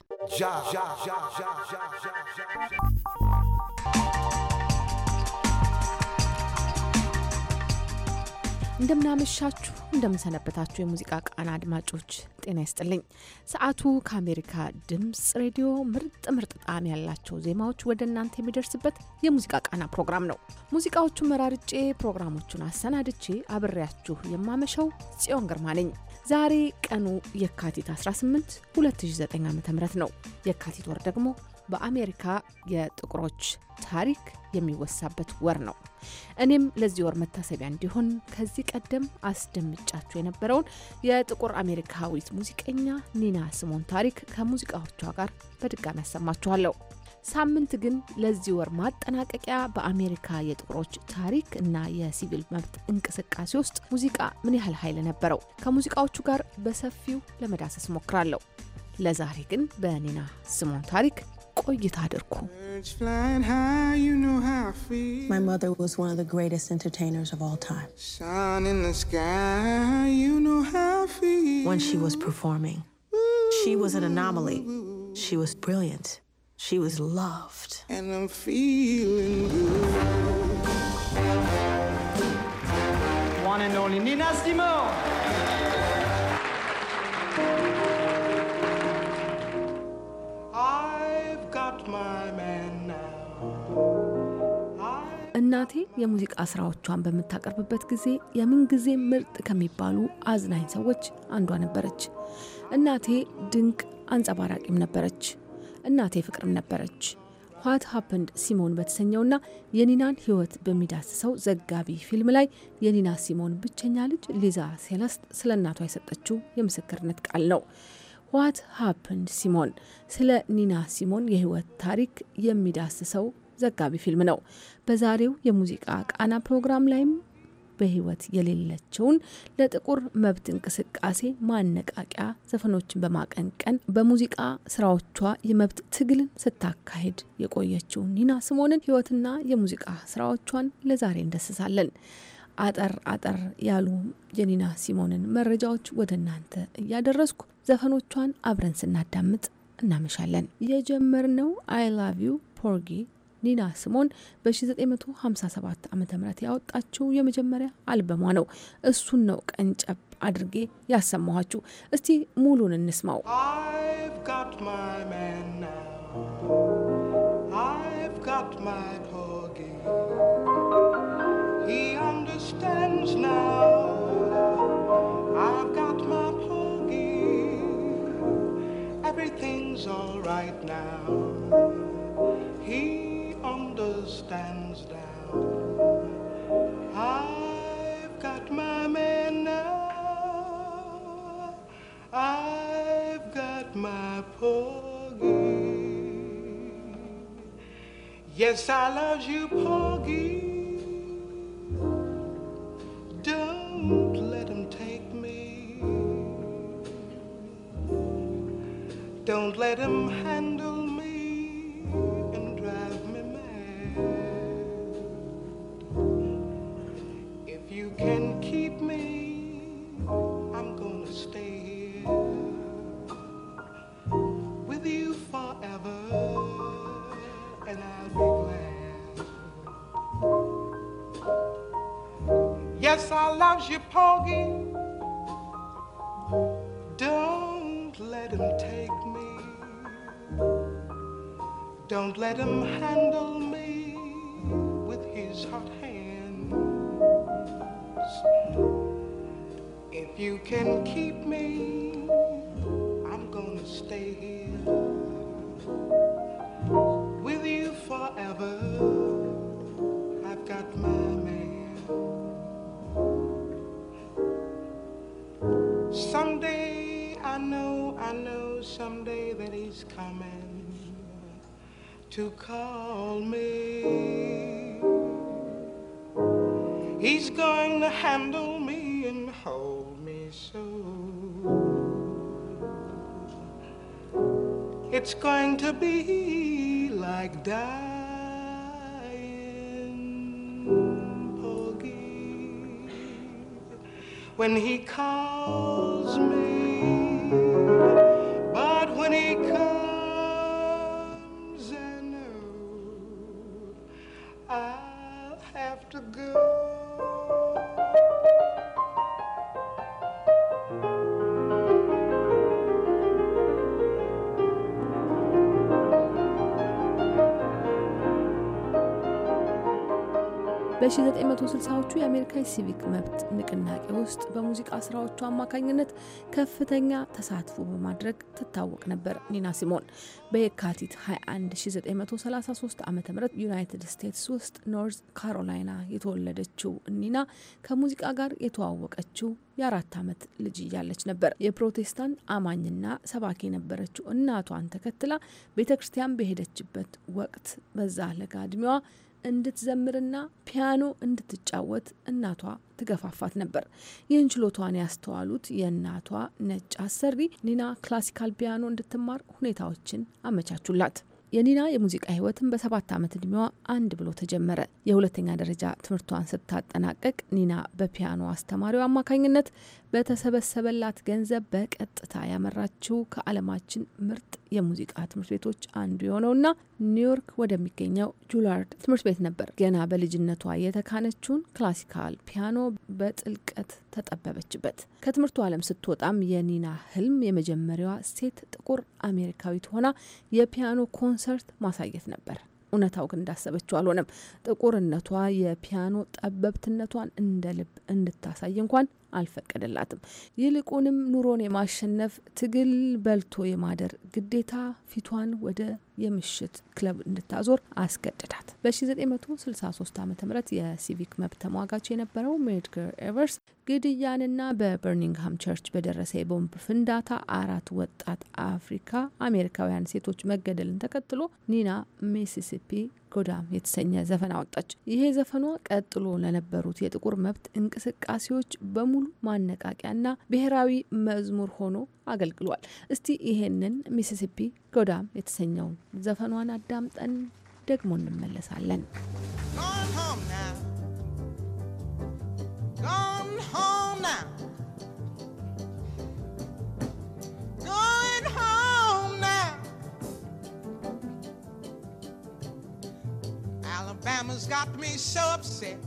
እንደምናመሻችሁ እንደምንሰነበታችሁ የሙዚቃ ቃና አድማጮች ጤና ይስጥልኝ። ሰዓቱ ከአሜሪካ ድምፅ ሬዲዮ ምርጥ ምርጥ ጣዕም ያላቸው ዜማዎች ወደ እናንተ የሚደርስበት የሙዚቃ ቃና ፕሮግራም ነው። ሙዚቃዎቹን መራርጬ ፕሮግራሞቹን አሰናድቼ አብሬያችሁ የማመሸው ጽዮን ግርማ ነኝ። ዛሬ ቀኑ የካቲት 18 2009 ዓ.ም ነው። የካቲት ወር ደግሞ በአሜሪካ የጥቁሮች ታሪክ የሚወሳበት ወር ነው። እኔም ለዚህ ወር መታሰቢያ እንዲሆን ከዚህ ቀደም አስደምጫችሁ የነበረውን የጥቁር አሜሪካዊት ሙዚቀኛ ኒና ስሞን ታሪክ ከሙዚቃዎቿ ጋር በድጋሚ ያሰማችኋለሁ። ሳምንት ግን ለዚህ ወር ማጠናቀቂያ በአሜሪካ የጥቁሮች ታሪክ እና የሲቪል መብት እንቅስቃሴ ውስጥ ሙዚቃ ምን ያህል ኃይል ነበረው ከሙዚቃዎቹ ጋር በሰፊው ለመዳሰስ ሞክራለሁ። ለዛሬ ግን በኒና ስሞን ታሪክ ቆይታ አድርጉ። My mother was one of the greatest entertainers of all time. When she was performing, she was an anomaly. She was brilliant. She was loved. And I'm feeling good. One and only Nina Simone. እናቴ የሙዚቃ ስራዎቿን በምታቀርብበት ጊዜ የምንጊዜ ምርጥ ከሚባሉ አዝናኝ ሰዎች አንዷ ነበረች። እናቴ ድንቅ አንጸባራቂም ነበረች። እናቴ ፍቅርም ነበረች። ዋት ሀፕንድ ሲሞን በተሰኘውና የኒናን ሕይወት በሚዳስሰው ዘጋቢ ፊልም ላይ የኒና ሲሞን ብቸኛ ልጅ ሊዛ ሴለስት ስለ እናቷ የሰጠችው የምስክርነት ቃል ነው። ዋት ሀፕንድ ሲሞን ስለ ኒና ሲሞን የህይወት ታሪክ የሚዳስሰው ዘጋቢ ፊልም ነው። በዛሬው የሙዚቃ ቃና ፕሮግራም ላይም በህይወት የሌለችውን ለጥቁር መብት እንቅስቃሴ ማነቃቂያ ዘፈኖችን በማቀንቀን በሙዚቃ ስራዎቿ የመብት ትግልን ስታካሄድ የቆየችው ኒና ስሞንን ህይወትና የሙዚቃ ስራዎቿን ለዛሬ እንደስሳለን። አጠር አጠር ያሉ የኒና ሲሞንን መረጃዎች ወደ እናንተ እያደረስኩ ዘፈኖቿን አብረን ስናዳምጥ እናመሻለን። የጀመርነው አይ ላቭ ዩ ፖርጊ ኒና ስሞን በ1957 ዓ ም ያወጣችው የመጀመሪያ አልበሟ ነው። እሱን ነው ቀንጨብ አድርጌ ያሰማኋችሁ። እስቲ ሙሉን እንስማው። He understands now everything's alright now. He understands now. I've got my man now. I've got my puggy. Yes, I love you, poor. it's going to be like dying when he calls me. 1960 ዎቹ የአሜሪካ ሲቪክ መብት ንቅናቄ ውስጥ በሙዚቃ ስራዎቹ አማካኝነት ከፍተኛ ተሳትፎ በማድረግ ትታወቅ ነበር። ኒና ሲሞን በየካቲት 21 1933 ዓ ም ዩናይትድ ስቴትስ ውስጥ ኖርዝ ካሮላይና የተወለደችው ኒና ከሙዚቃ ጋር የተዋወቀችው የአራት ዓመት ልጅ እያለች ነበር። የፕሮቴስታንት አማኝና ሰባኪ የነበረችው እናቷን ተከትላ ቤተ ክርስቲያን በሄደችበት ወቅት በዛ ለጋ እድሜዋ እንድትዘምርና ፒያኖ እንድትጫወት እናቷ ትገፋፋት ነበር። ይህን ችሎቷን ያስተዋሉት የእናቷ ነጭ አሰሪ ኒና ክላሲካል ፒያኖ እንድትማር ሁኔታዎችን አመቻቹላት። የኒና የሙዚቃ ህይወትን በሰባት ዓመት እድሜዋ አንድ ብሎ ተጀመረ። የሁለተኛ ደረጃ ትምህርቷን ስታጠናቀቅ ኒና በፒያኖ አስተማሪው አማካኝነት በተሰበሰበላት ገንዘብ በቀጥታ ያመራችው ከዓለማችን ምርጥ የሙዚቃ ትምህርት ቤቶች አንዱ የሆነውና ኒውዮርክ ወደሚገኘው ጁላርድ ትምህርት ቤት ነበር። ገና በልጅነቷ የተካነችውን ክላሲካል ፒያኖ በጥልቀት ተጠበበችበት። ከትምህርቱ ዓለም ስትወጣም የኒና ህልም የመጀመሪያዋ ሴት ጥቁር አሜሪካዊት ሆና የፒያኖ ኮን ኮንሰርት ማሳየት ነበር። እውነታው ግን እንዳሰበችው አልሆነም። ጥቁርነቷ የፒያኖ ጠበብትነቷን እንደ ልብ እንድታሳይ እንኳን አልፈቀደላትም። ይልቁንም ኑሮን የማሸነፍ ትግል በልቶ የማደር ግዴታ ፊቷን ወደ የምሽት ክለብ እንድታዞር አስገድዳት። በ1963 ዓ ም የሲቪክ መብት ተሟጋች የነበረው ሜድገር ኤቨርስ ግድያንና በበርኒንግሃም ቸርች በደረሰ የቦምብ ፍንዳታ አራት ወጣት አፍሪካ አሜሪካውያን ሴቶች መገደልን ተከትሎ ኒና ሚሲሲፒ ጎዳም የተሰኘ ዘፈን አወጣች። ይሄ ዘፈኗ ቀጥሎ ለነበሩት የጥቁር መብት እንቅስቃሴዎች በሙሉ ማነቃቂያና ብሔራዊ መዝሙር ሆኖ አገልግሏል። እስቲ ይሄንን ሚሲሲፒ ጎዳ የተሰኘው ዘፈኗን አዳምጠን ደግሞ እንመለሳለን። Alabama's got me so upset.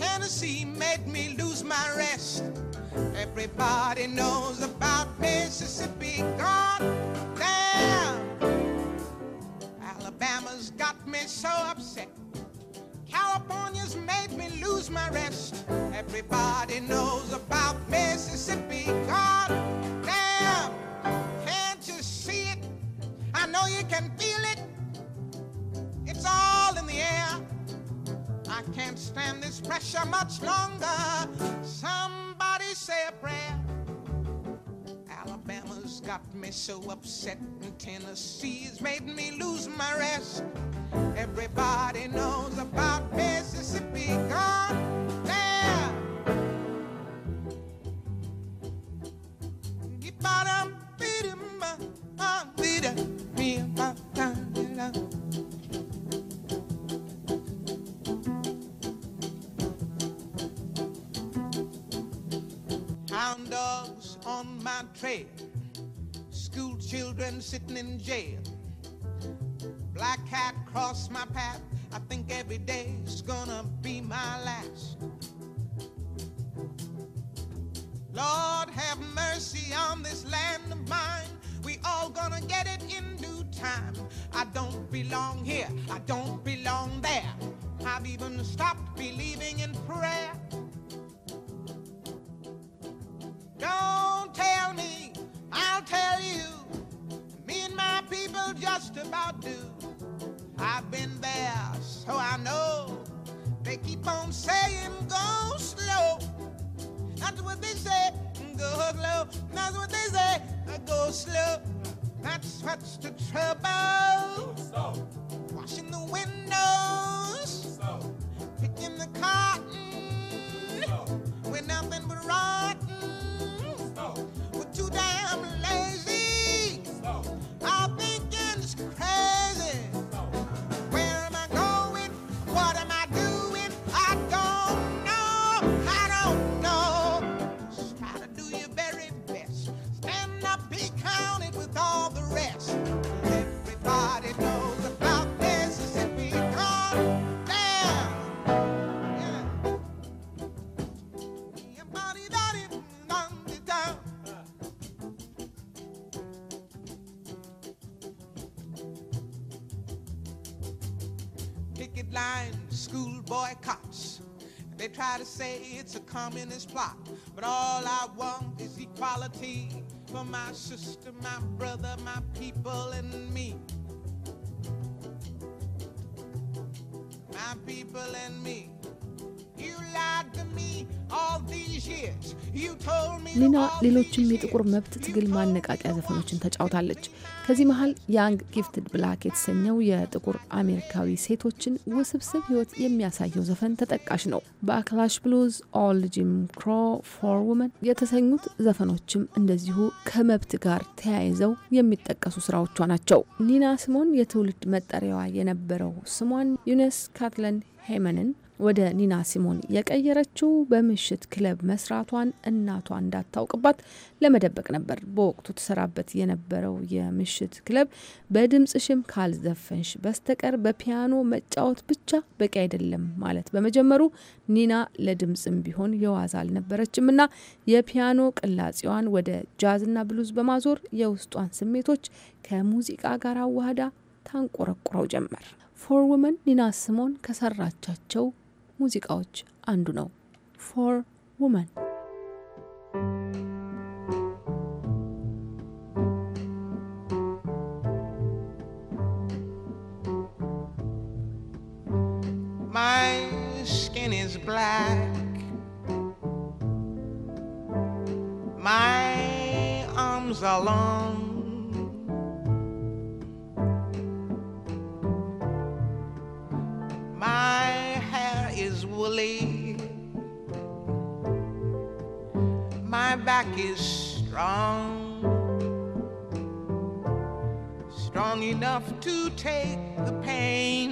Tennessee made me lose my rest. Everybody knows about Mississippi. God damn. Alabama's got me so upset. California's made me lose my rest. Everybody knows about Mississippi. God damn, can't you see it? I know you can feel it. It's all in the air. I can't stand this pressure much longer. Somebody say a prayer got me so upset in Tennessee. It's made me lose my rest. Everybody knows about Mississippi gone there. Hound dogs on my trail school children sitting in jail. Black cat crossed my path. I think every day is gonna be my last. Lord, have mercy on this land of mine. We all gonna get it in due time. I don't belong here. I don't belong there. I've even stopped believing in prayer. Don't tell me I'll tell you, me and my people just about do. I've been there, so I know. They keep on saying, go slow. That's what they say, go slow. That's what they say, go slow. That's what's the trouble. Slow. Washing the windows, slow. picking the cotton, slow. with nothing but rot. boycotts. They try to say it's a communist plot, but all I want is equality for my sister, my brother, my people, and me. My people and me. ሊና ሌሎችም የጥቁር መብት ትግል ማነቃቂያ ዘፈኖችን ተጫውታለች። ከዚህ መሀል ያንግ ጊፍትድ ብላክ የተሰኘው የጥቁር አሜሪካዊ ሴቶችን ውስብስብ ሕይወት የሚያሳየው ዘፈን ተጠቃሽ ነው። በአክላሽ ብሉዝ፣ ኦል ጂም ክሮ፣ ፎር ውመን የተሰኙት ዘፈኖችም እንደዚሁ ከመብት ጋር ተያይዘው የሚጠቀሱ ስራዎቿ ናቸው። ኒና ሲሞን የትውልድ መጠሪያዋ የነበረው ስሟን ዩነስ ካትለን ሄመንን ወደ ኒና ሲሞን የቀየረችው በምሽት ክለብ መስራቷን እናቷ እንዳታውቅባት ለመደበቅ ነበር። በወቅቱ ትሰራበት የነበረው የምሽት ክለብ በድምጽ ሽም ካልዘፈንሽ በስተቀር በፒያኖ መጫወት ብቻ በቂ አይደለም ማለት በመጀመሩ ኒና ለድምጽም ቢሆን የዋዛ አልነበረችም እና የፒያኖ ቅላጼዋን ወደ ጃዝና ብሉዝ በማዞር የውስጧን ስሜቶች ከሙዚቃ ጋር አዋህዳ ታንቆረቁረው ጀመር። ፎር ውመን ኒና ሲሞን ከሰራቻቸው Music ሙዚቃዎች አንዱ ነው። for woman. My skin is black. My arms are long. believe my back is strong, strong enough to take the pain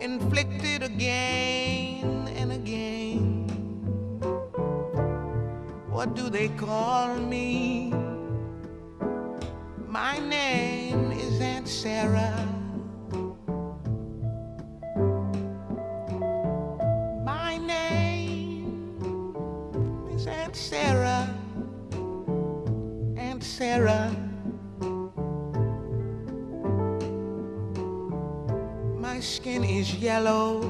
inflicted again and again. What do they call me? My name is Aunt Sarah. Sarah. My skin is yellow.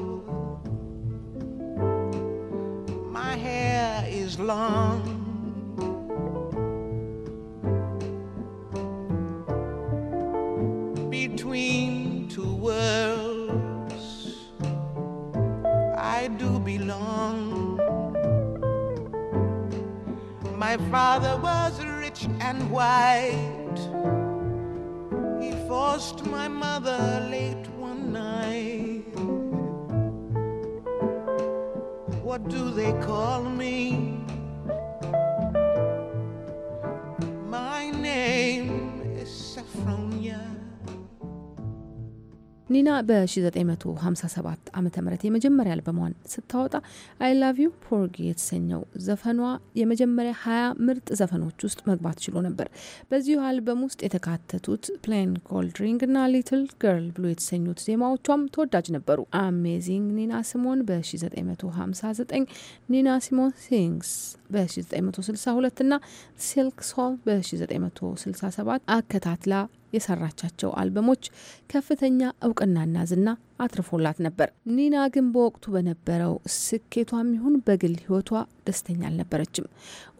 My hair is long. ሪና በ1957 ዓ ም የመጀመሪያ አልበሟን ስታወጣ አይ ላቭ ዩ ፖርጊ የተሰኘው ዘፈኗ የመጀመሪያ 20 ምርጥ ዘፈኖች ውስጥ መግባት ችሎ ነበር። በዚሁ አልበም ውስጥ የተካተቱት ፕሌን ኮልድሪንግ ሪንግ እና ሊትል ገርል ብሎ የተሰኙት ዜማዎቿም ተወዳጅ ነበሩ። አሜዚንግ ኒና ሲሞን በ1959፣ ኒና ሲሞን ሲንግስ በ1962 እና ሲልክ ሶል በ1967 አከታትላ የሰራቻቸው አልበሞች ከፍተኛ እውቅናና ዝና አትርፎላት ነበር። ኒና ግን በወቅቱ በነበረው ስኬቷም ይሁን በግል ህይወቷ ደስተኛ አልነበረችም።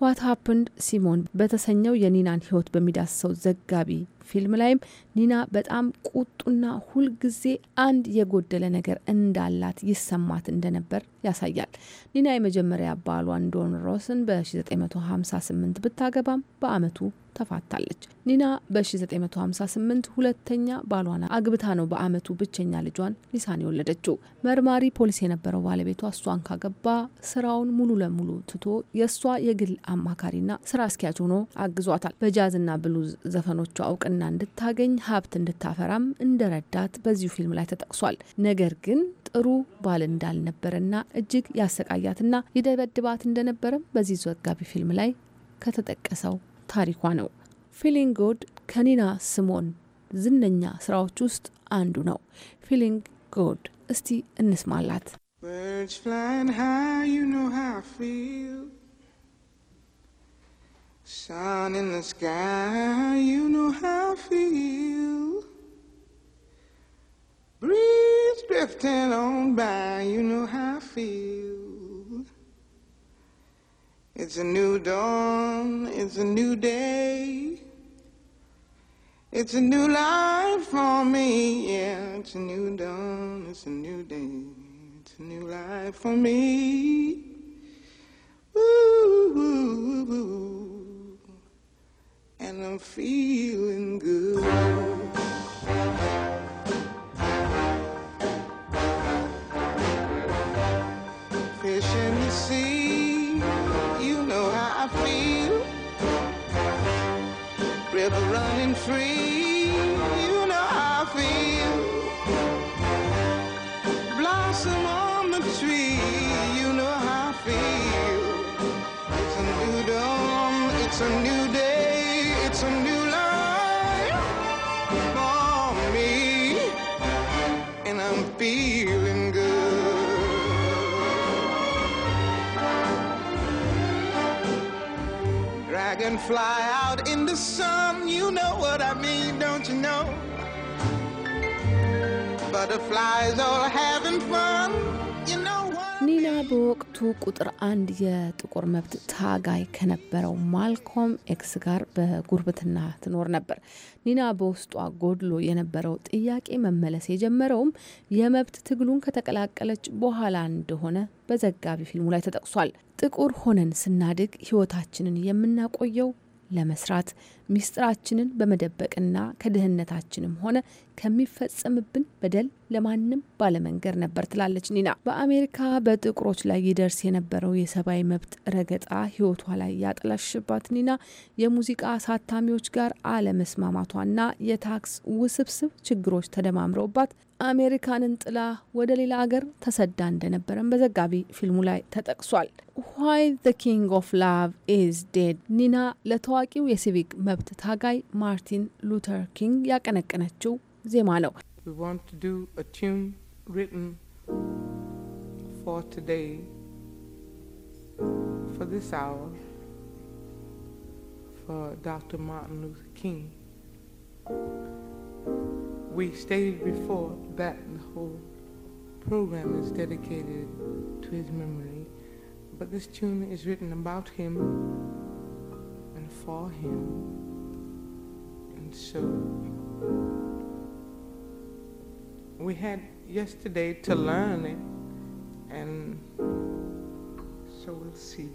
ዋት ሀፕንድ ሲሞን በተሰኘው የኒናን ህይወት በሚዳስሰው ዘጋቢ ፊልም ላይም ኒና በጣም ቁጡና ሁልጊዜ አንድ የጎደለ ነገር እንዳላት ይሰማት እንደነበር ያሳያል። ኒና የመጀመሪያ ባሏን ዶን ሮስን በ1958 ብታገባም በአመቱ ተፋታለች። ኒና በ1958 ሁለተኛ ባሏን አግብታ ነው በአመቱ ብቸኛ ልጇን ሊሳን የወለደችው። መርማሪ ፖሊስ የነበረው ባለቤቷ እሷን ካገባ ስራውን ሙሉ ለሙሉ ትቶ የእሷ የግል አማካሪና ስራ አስኪያጅ ሆኖ አግዟታል። በጃዝና ብሉዝ ዘፈኖቿ እውቅና እንድታገኝ ሀብት እንድታፈራም እንደረዳት በዚሁ ፊልም ላይ ተጠቅሷል። ነገር ግን ጥሩ ባል እንዳልነበረና እጅግ ያሰቃያትና ይደበድባት እንደነበረም በዚህ ዘጋቢ ፊልም ላይ ከተጠቀሰው ታሪኳ ነው። ፊሊንግ ጉድ ከኒና ስሞን ዝነኛ ስራዎች ውስጥ አንዱ ነው። ፊሊንግ ጉድ እስቲ እንስማላት። Birds flying high, you know how I feel. Sun in the sky, you know how I feel. Breeze drifting on by, you know how I feel. It's a new dawn, it's a new day. It's a new life for me, yeah. It's a new dawn, it's a new day. It's a new life for me. Ooh, ooh, ooh, and I'm feeling good. river running free. dragonfly out in the sun. You know what I mean, don't you know? Butterflies all having fun. ቁጥር አንድ የጥቁር መብት ታጋይ ከነበረው ማልኮም ኤክስ ጋር በጉርብትና ትኖር ነበር። ኒና በውስጧ ጎድሎ የነበረው ጥያቄ መመለስ የጀመረውም የመብት ትግሉን ከተቀላቀለች በኋላ እንደሆነ በዘጋቢ ፊልሙ ላይ ተጠቅሷል። ጥቁር ሆነን ስናድግ ህይወታችንን የምናቆየው ለመስራት ሚስጥራችንን በመደበቅና ከድህነታችንም ሆነ ከሚፈጸምብን በደል ለማንም ባለመንገር ነበር ትላለች ኒና። በአሜሪካ በጥቁሮች ላይ ይደርስ የነበረው የሰብአዊ መብት ረገጣ ሕይወቷ ላይ ያጠላሽባት ኒና የሙዚቃ አሳታሚዎች ጋር አለመስማማቷና የታክስ ውስብስብ ችግሮች ተደማምረውባት አሜሪካንን ጥላ ወደ ሌላ ሀገር ተሰዳ እንደነበረም በዘጋቢ ፊልሙ ላይ ተጠቅሷል። ዋይ ዘ ኪንግ ኦፍ ላቭ ኢዝ ዴድ ኒና ለታዋቂው የሲቪክ መብት መብት ታጋይ ማርቲን ሉተር ኪንግ ያቀነቀነችው ዜማ ነው። We stated before that the whole program is dedicated to his memory, but this tune is written about him and for him and so we had yesterday to learn it, and so we'll see.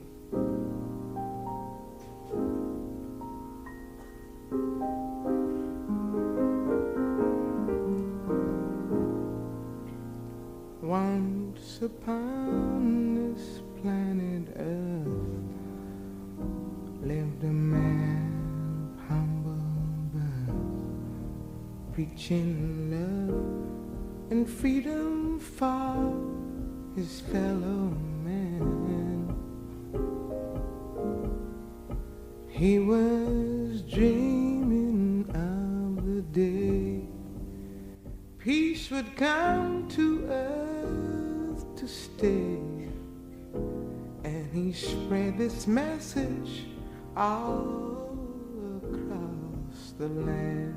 the land.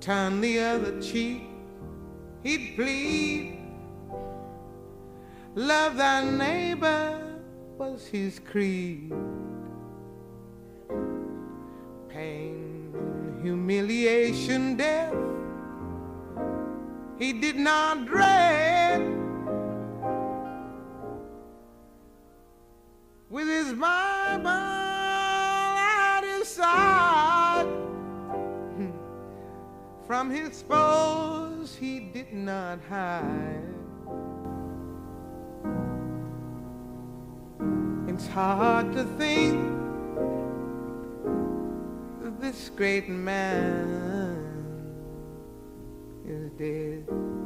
Turn the other cheek, he'd plead. Love thy neighbor was his creed. Pain, humiliation, death, he did not dread. his Bible at his side. From his foes he did not hide. It's hard to think that this great man is dead.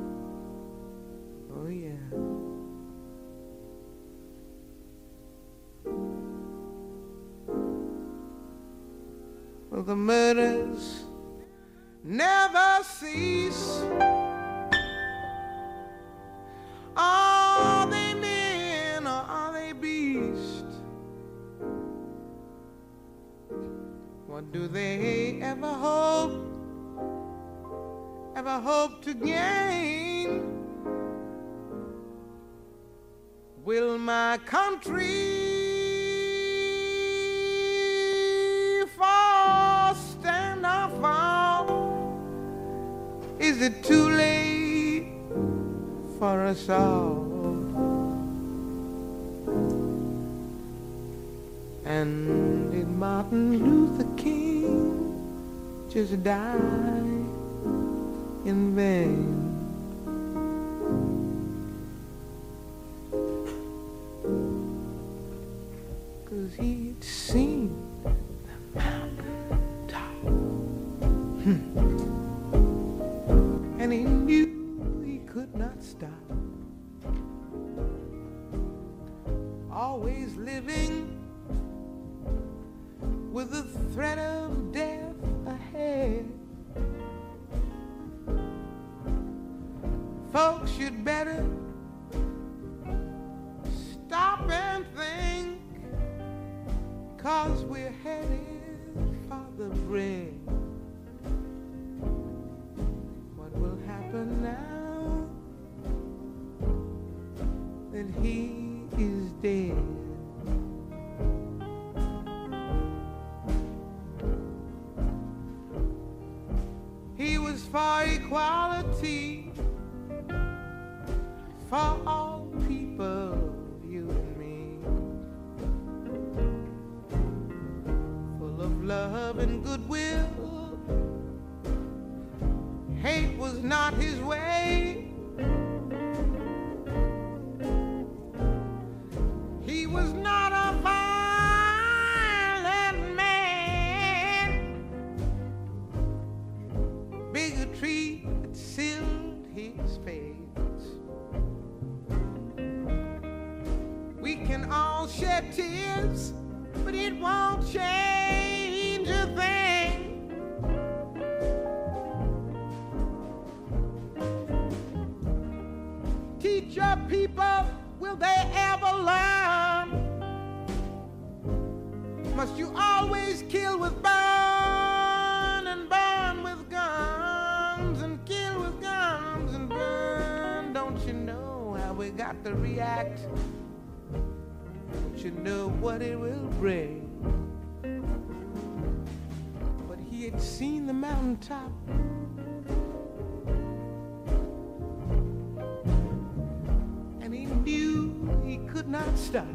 the murders never cease. Are they men or are they beasts? What do they ever hope, ever hope to gain? Will my country is it too late for us all? And did Martin Luther King just die in vain? for equality for all. have to react. But you know what it will bring. But he had seen the mountaintop. And he knew he could not stop.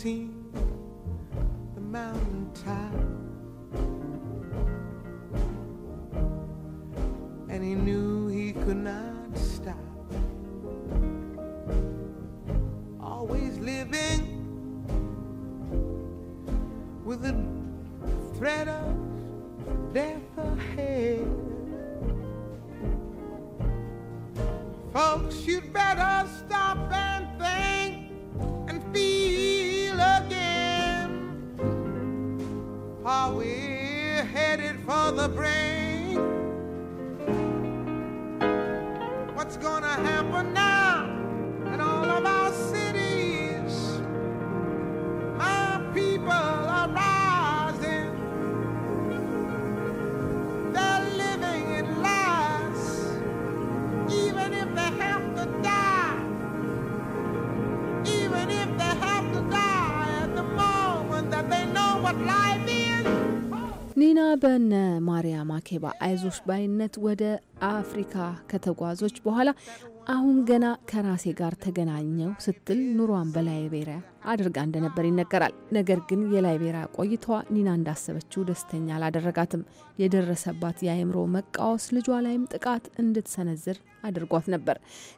assim አኬባ አይዞሽ ባይነት ወደ አፍሪካ ከተጓዞች በኋላ አሁን ገና ከራሴ ጋር ተገናኘው ስትል ኑሯን በላይቤሪያ አድርጋ እንደነበር ይነገራል። ነገር ግን የላይቤሪያ ቆይታዋ ኒና እንዳሰበችው ደስተኛ አላደረጋትም። የደረሰባት የአእምሮ መቃወስ ልጇ ላይም ጥቃት እንድትሰነዝር አድርጓት ነበር።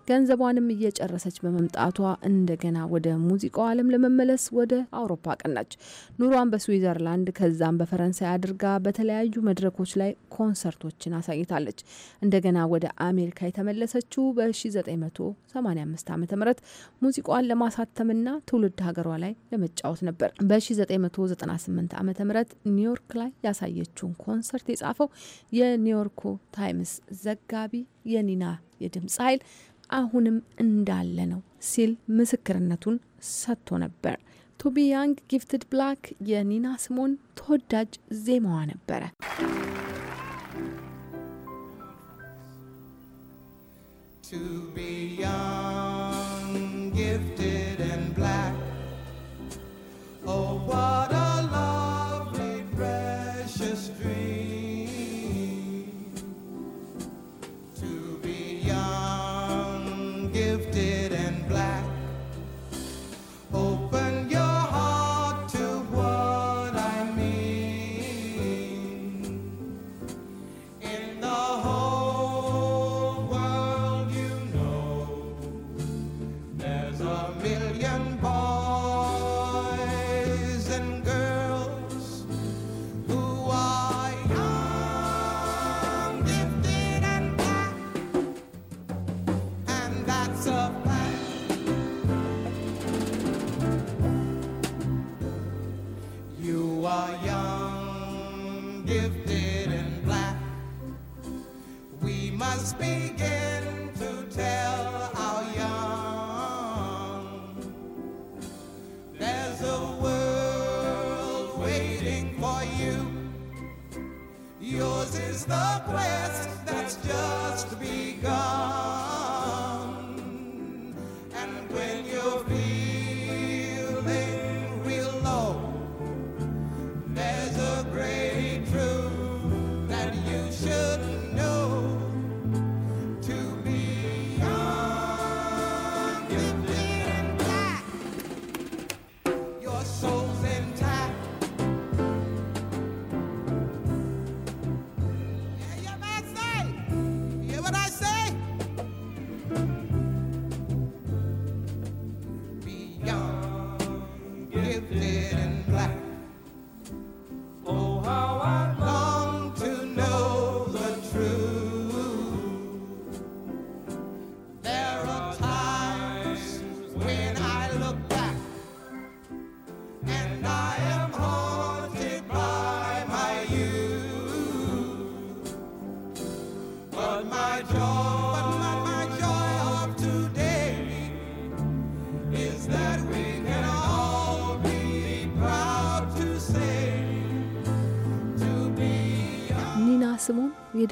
ገንዘቧንም እየጨረሰች በመምጣቷ እንደገና ወደ ሙዚቃው ዓለም ለመመለስ ወደ አውሮፓ ቀናች። ኑሯን በስዊዘርላንድ ከዛም በፈረንሳይ አድርጋ በተለያዩ መድረኮች ላይ ኮንሰርቶችን አሳይታለች። እንደገና ወደ አሜሪካ የተመለሰችው በ1985 ዓ ም ሙዚቋን ለማሳተምና ትውልድ ሀገሯ ላይ ለመጫወት ነበር። በ1998 ዓ ም ኒውዮርክ ላይ ያሳየችውን ኮንሰርት የጻፈው የኒውዮርኩ ታይምስ ዘጋቢ የኒና የድምፅ ኃይል አሁንም እንዳለ ነው ሲል ምስክርነቱን ሰጥቶ ነበር። ቱቢ ያንግ ጊፍትድ ብላክ የኒና ስሞን ተወዳጅ ዜማዋ ነበረ። To be young, gifted. Oh, what a.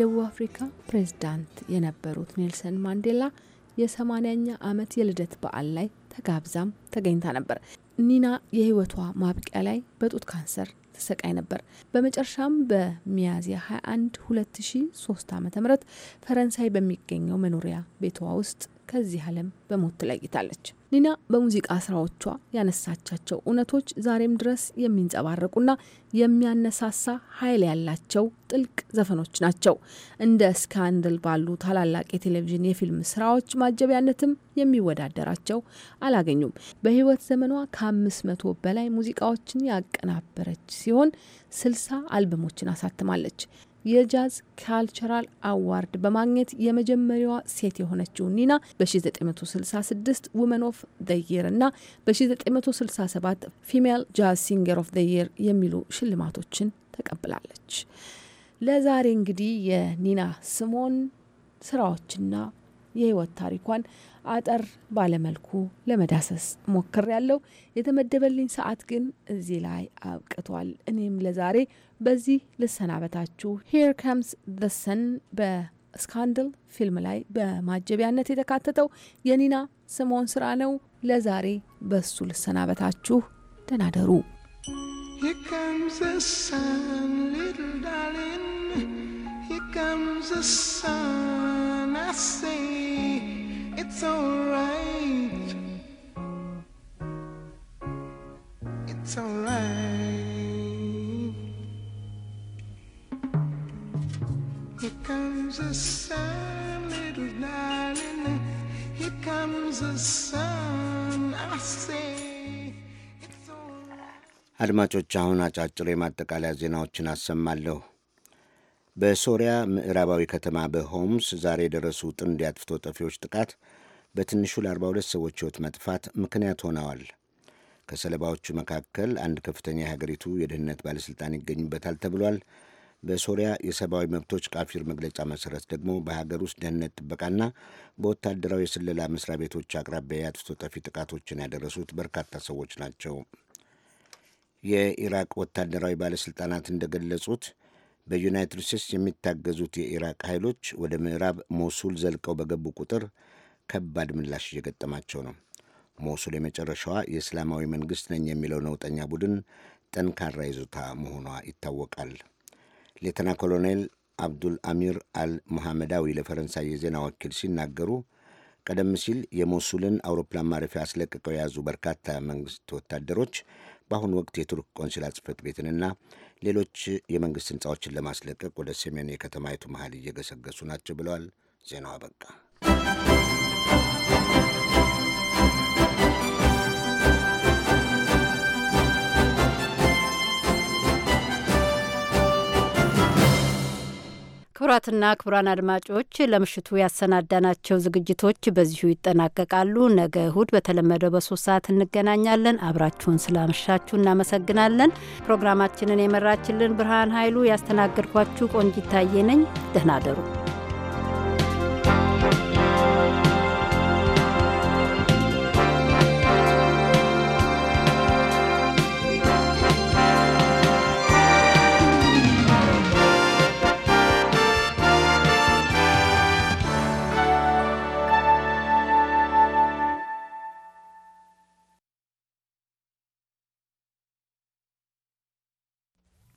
የደቡብ አፍሪካ ፕሬዝዳንት የነበሩት ኔልሰን ማንዴላ የሰማንያኛ ዓመት የልደት በዓል ላይ ተጋብዛም ተገኝታ ነበር። ኒና የህይወቷ ማብቂያ ላይ በጡት ካንሰር ተሰቃይ ነበር። በመጨረሻም በሚያዝያ 21 2003 ዓ ም ፈረንሳይ በሚገኘው መኖሪያ ቤቷ ውስጥ ከዚህ ዓለም በሞት ትለይታለች። ኒና በሙዚቃ ስራዎቿ ያነሳቻቸው እውነቶች ዛሬም ድረስ የሚንጸባረቁና የሚያነሳሳ ኃይል ያላቸው ጥልቅ ዘፈኖች ናቸው። እንደ ስካንድል ባሉ ታላላቅ የቴሌቪዥን የፊልም ስራዎች ማጀቢያነትም የሚወዳደራቸው አላገኙም። በህይወት ዘመኗ ከአምስት መቶ በላይ ሙዚቃዎችን ያቀናበረች ሲሆን ስልሳ አልበሞችን አሳትማለች። የጃዝ ካልቸራል አዋርድ በማግኘት የመጀመሪያዋ ሴት የሆነችው ኒና በ1966 ውመን ኦፍ ዘ የር እና በ1967 ፊሜል ጃዝ ሲንገር ኦፍ ዘ የር የሚሉ ሽልማቶችን ተቀብላለች። ለዛሬ እንግዲህ የኒና ስሞን ስራዎችና የህይወት ታሪኳን አጠር ባለመልኩ ለመዳሰስ ሞክር ያለው የተመደበልኝ ሰዓት ግን እዚህ ላይ አብቅቷል። እኔም ለዛሬ በዚህ ልሰናበታችሁ። ሄር ከምስ ዘ ሰን በስካንድል ፊልም ላይ በማጀቢያነት የተካተተው የኒና ስሞን ስራ ነው። ለዛሬ በሱ ልሰናበታችሁ። ደህና ደሩ። I say it's alright. It's alright. Here comes the sun, little darling. Here comes the sun. I say. አድማጮች አሁን አጫጭር የማጠቃለያ ዜናዎችን አሰማለሁ። በሶሪያ ምዕራባዊ ከተማ በሆምስ ዛሬ የደረሱ ጥንድ የአጥፍቶ ጠፊዎች ጥቃት በትንሹ ለ42 ሰዎች ሕይወት መጥፋት ምክንያት ሆነዋል። ከሰለባዎቹ መካከል አንድ ከፍተኛ የሀገሪቱ የደህንነት ባለሥልጣን ይገኙበታል ተብሏል። በሶሪያ የሰብአዊ መብቶች ቃፊር መግለጫ መሠረት ደግሞ በሀገር ውስጥ ደህንነት ጥበቃና በወታደራዊ የስለላ መስሪያ ቤቶች አቅራቢያ የአጥፍቶ ጠፊ ጥቃቶችን ያደረሱት በርካታ ሰዎች ናቸው። የኢራቅ ወታደራዊ ባለሥልጣናት እንደገለጹት በዩናይትድ ስቴትስ የሚታገዙት የኢራቅ ኃይሎች ወደ ምዕራብ ሞሱል ዘልቀው በገቡ ቁጥር ከባድ ምላሽ እየገጠማቸው ነው። ሞሱል የመጨረሻዋ የእስላማዊ መንግሥት ነኝ የሚለው ነውጠኛ ቡድን ጠንካራ ይዞታ መሆኗ ይታወቃል። ሌተና ኮሎኔል አብዱል አሚር አል መሐመዳዊ ለፈረንሳይ የዜና ወኪል ሲናገሩ ቀደም ሲል የሞሱልን አውሮፕላን ማረፊያ አስለቅቀው የያዙ በርካታ መንግሥት ወታደሮች በአሁኑ ወቅት የቱርክ ቆንስላ ጽሕፈት ቤትንና ሌሎች የመንግሥት ሕንፃዎችን ለማስለቀቅ ወደ ሰሜን የከተማይቱ መሃል እየገሰገሱ ናቸው ብለዋል። ዜናው አበቃ። ክቡራትና ክቡራን አድማጮች ለምሽቱ ያሰናዳናቸው ዝግጅቶች በዚሁ ይጠናቀቃሉ። ነገ እሁድ በተለመደው በሶስት ሰዓት እንገናኛለን። አብራችሁን ስላመሻችሁ እናመሰግናለን። ፕሮግራማችንን የመራችልን ብርሃን ኃይሉ፣ ያስተናገድኳችሁ ቆንጂት ታዬ ነኝ። ደህና ደሩ።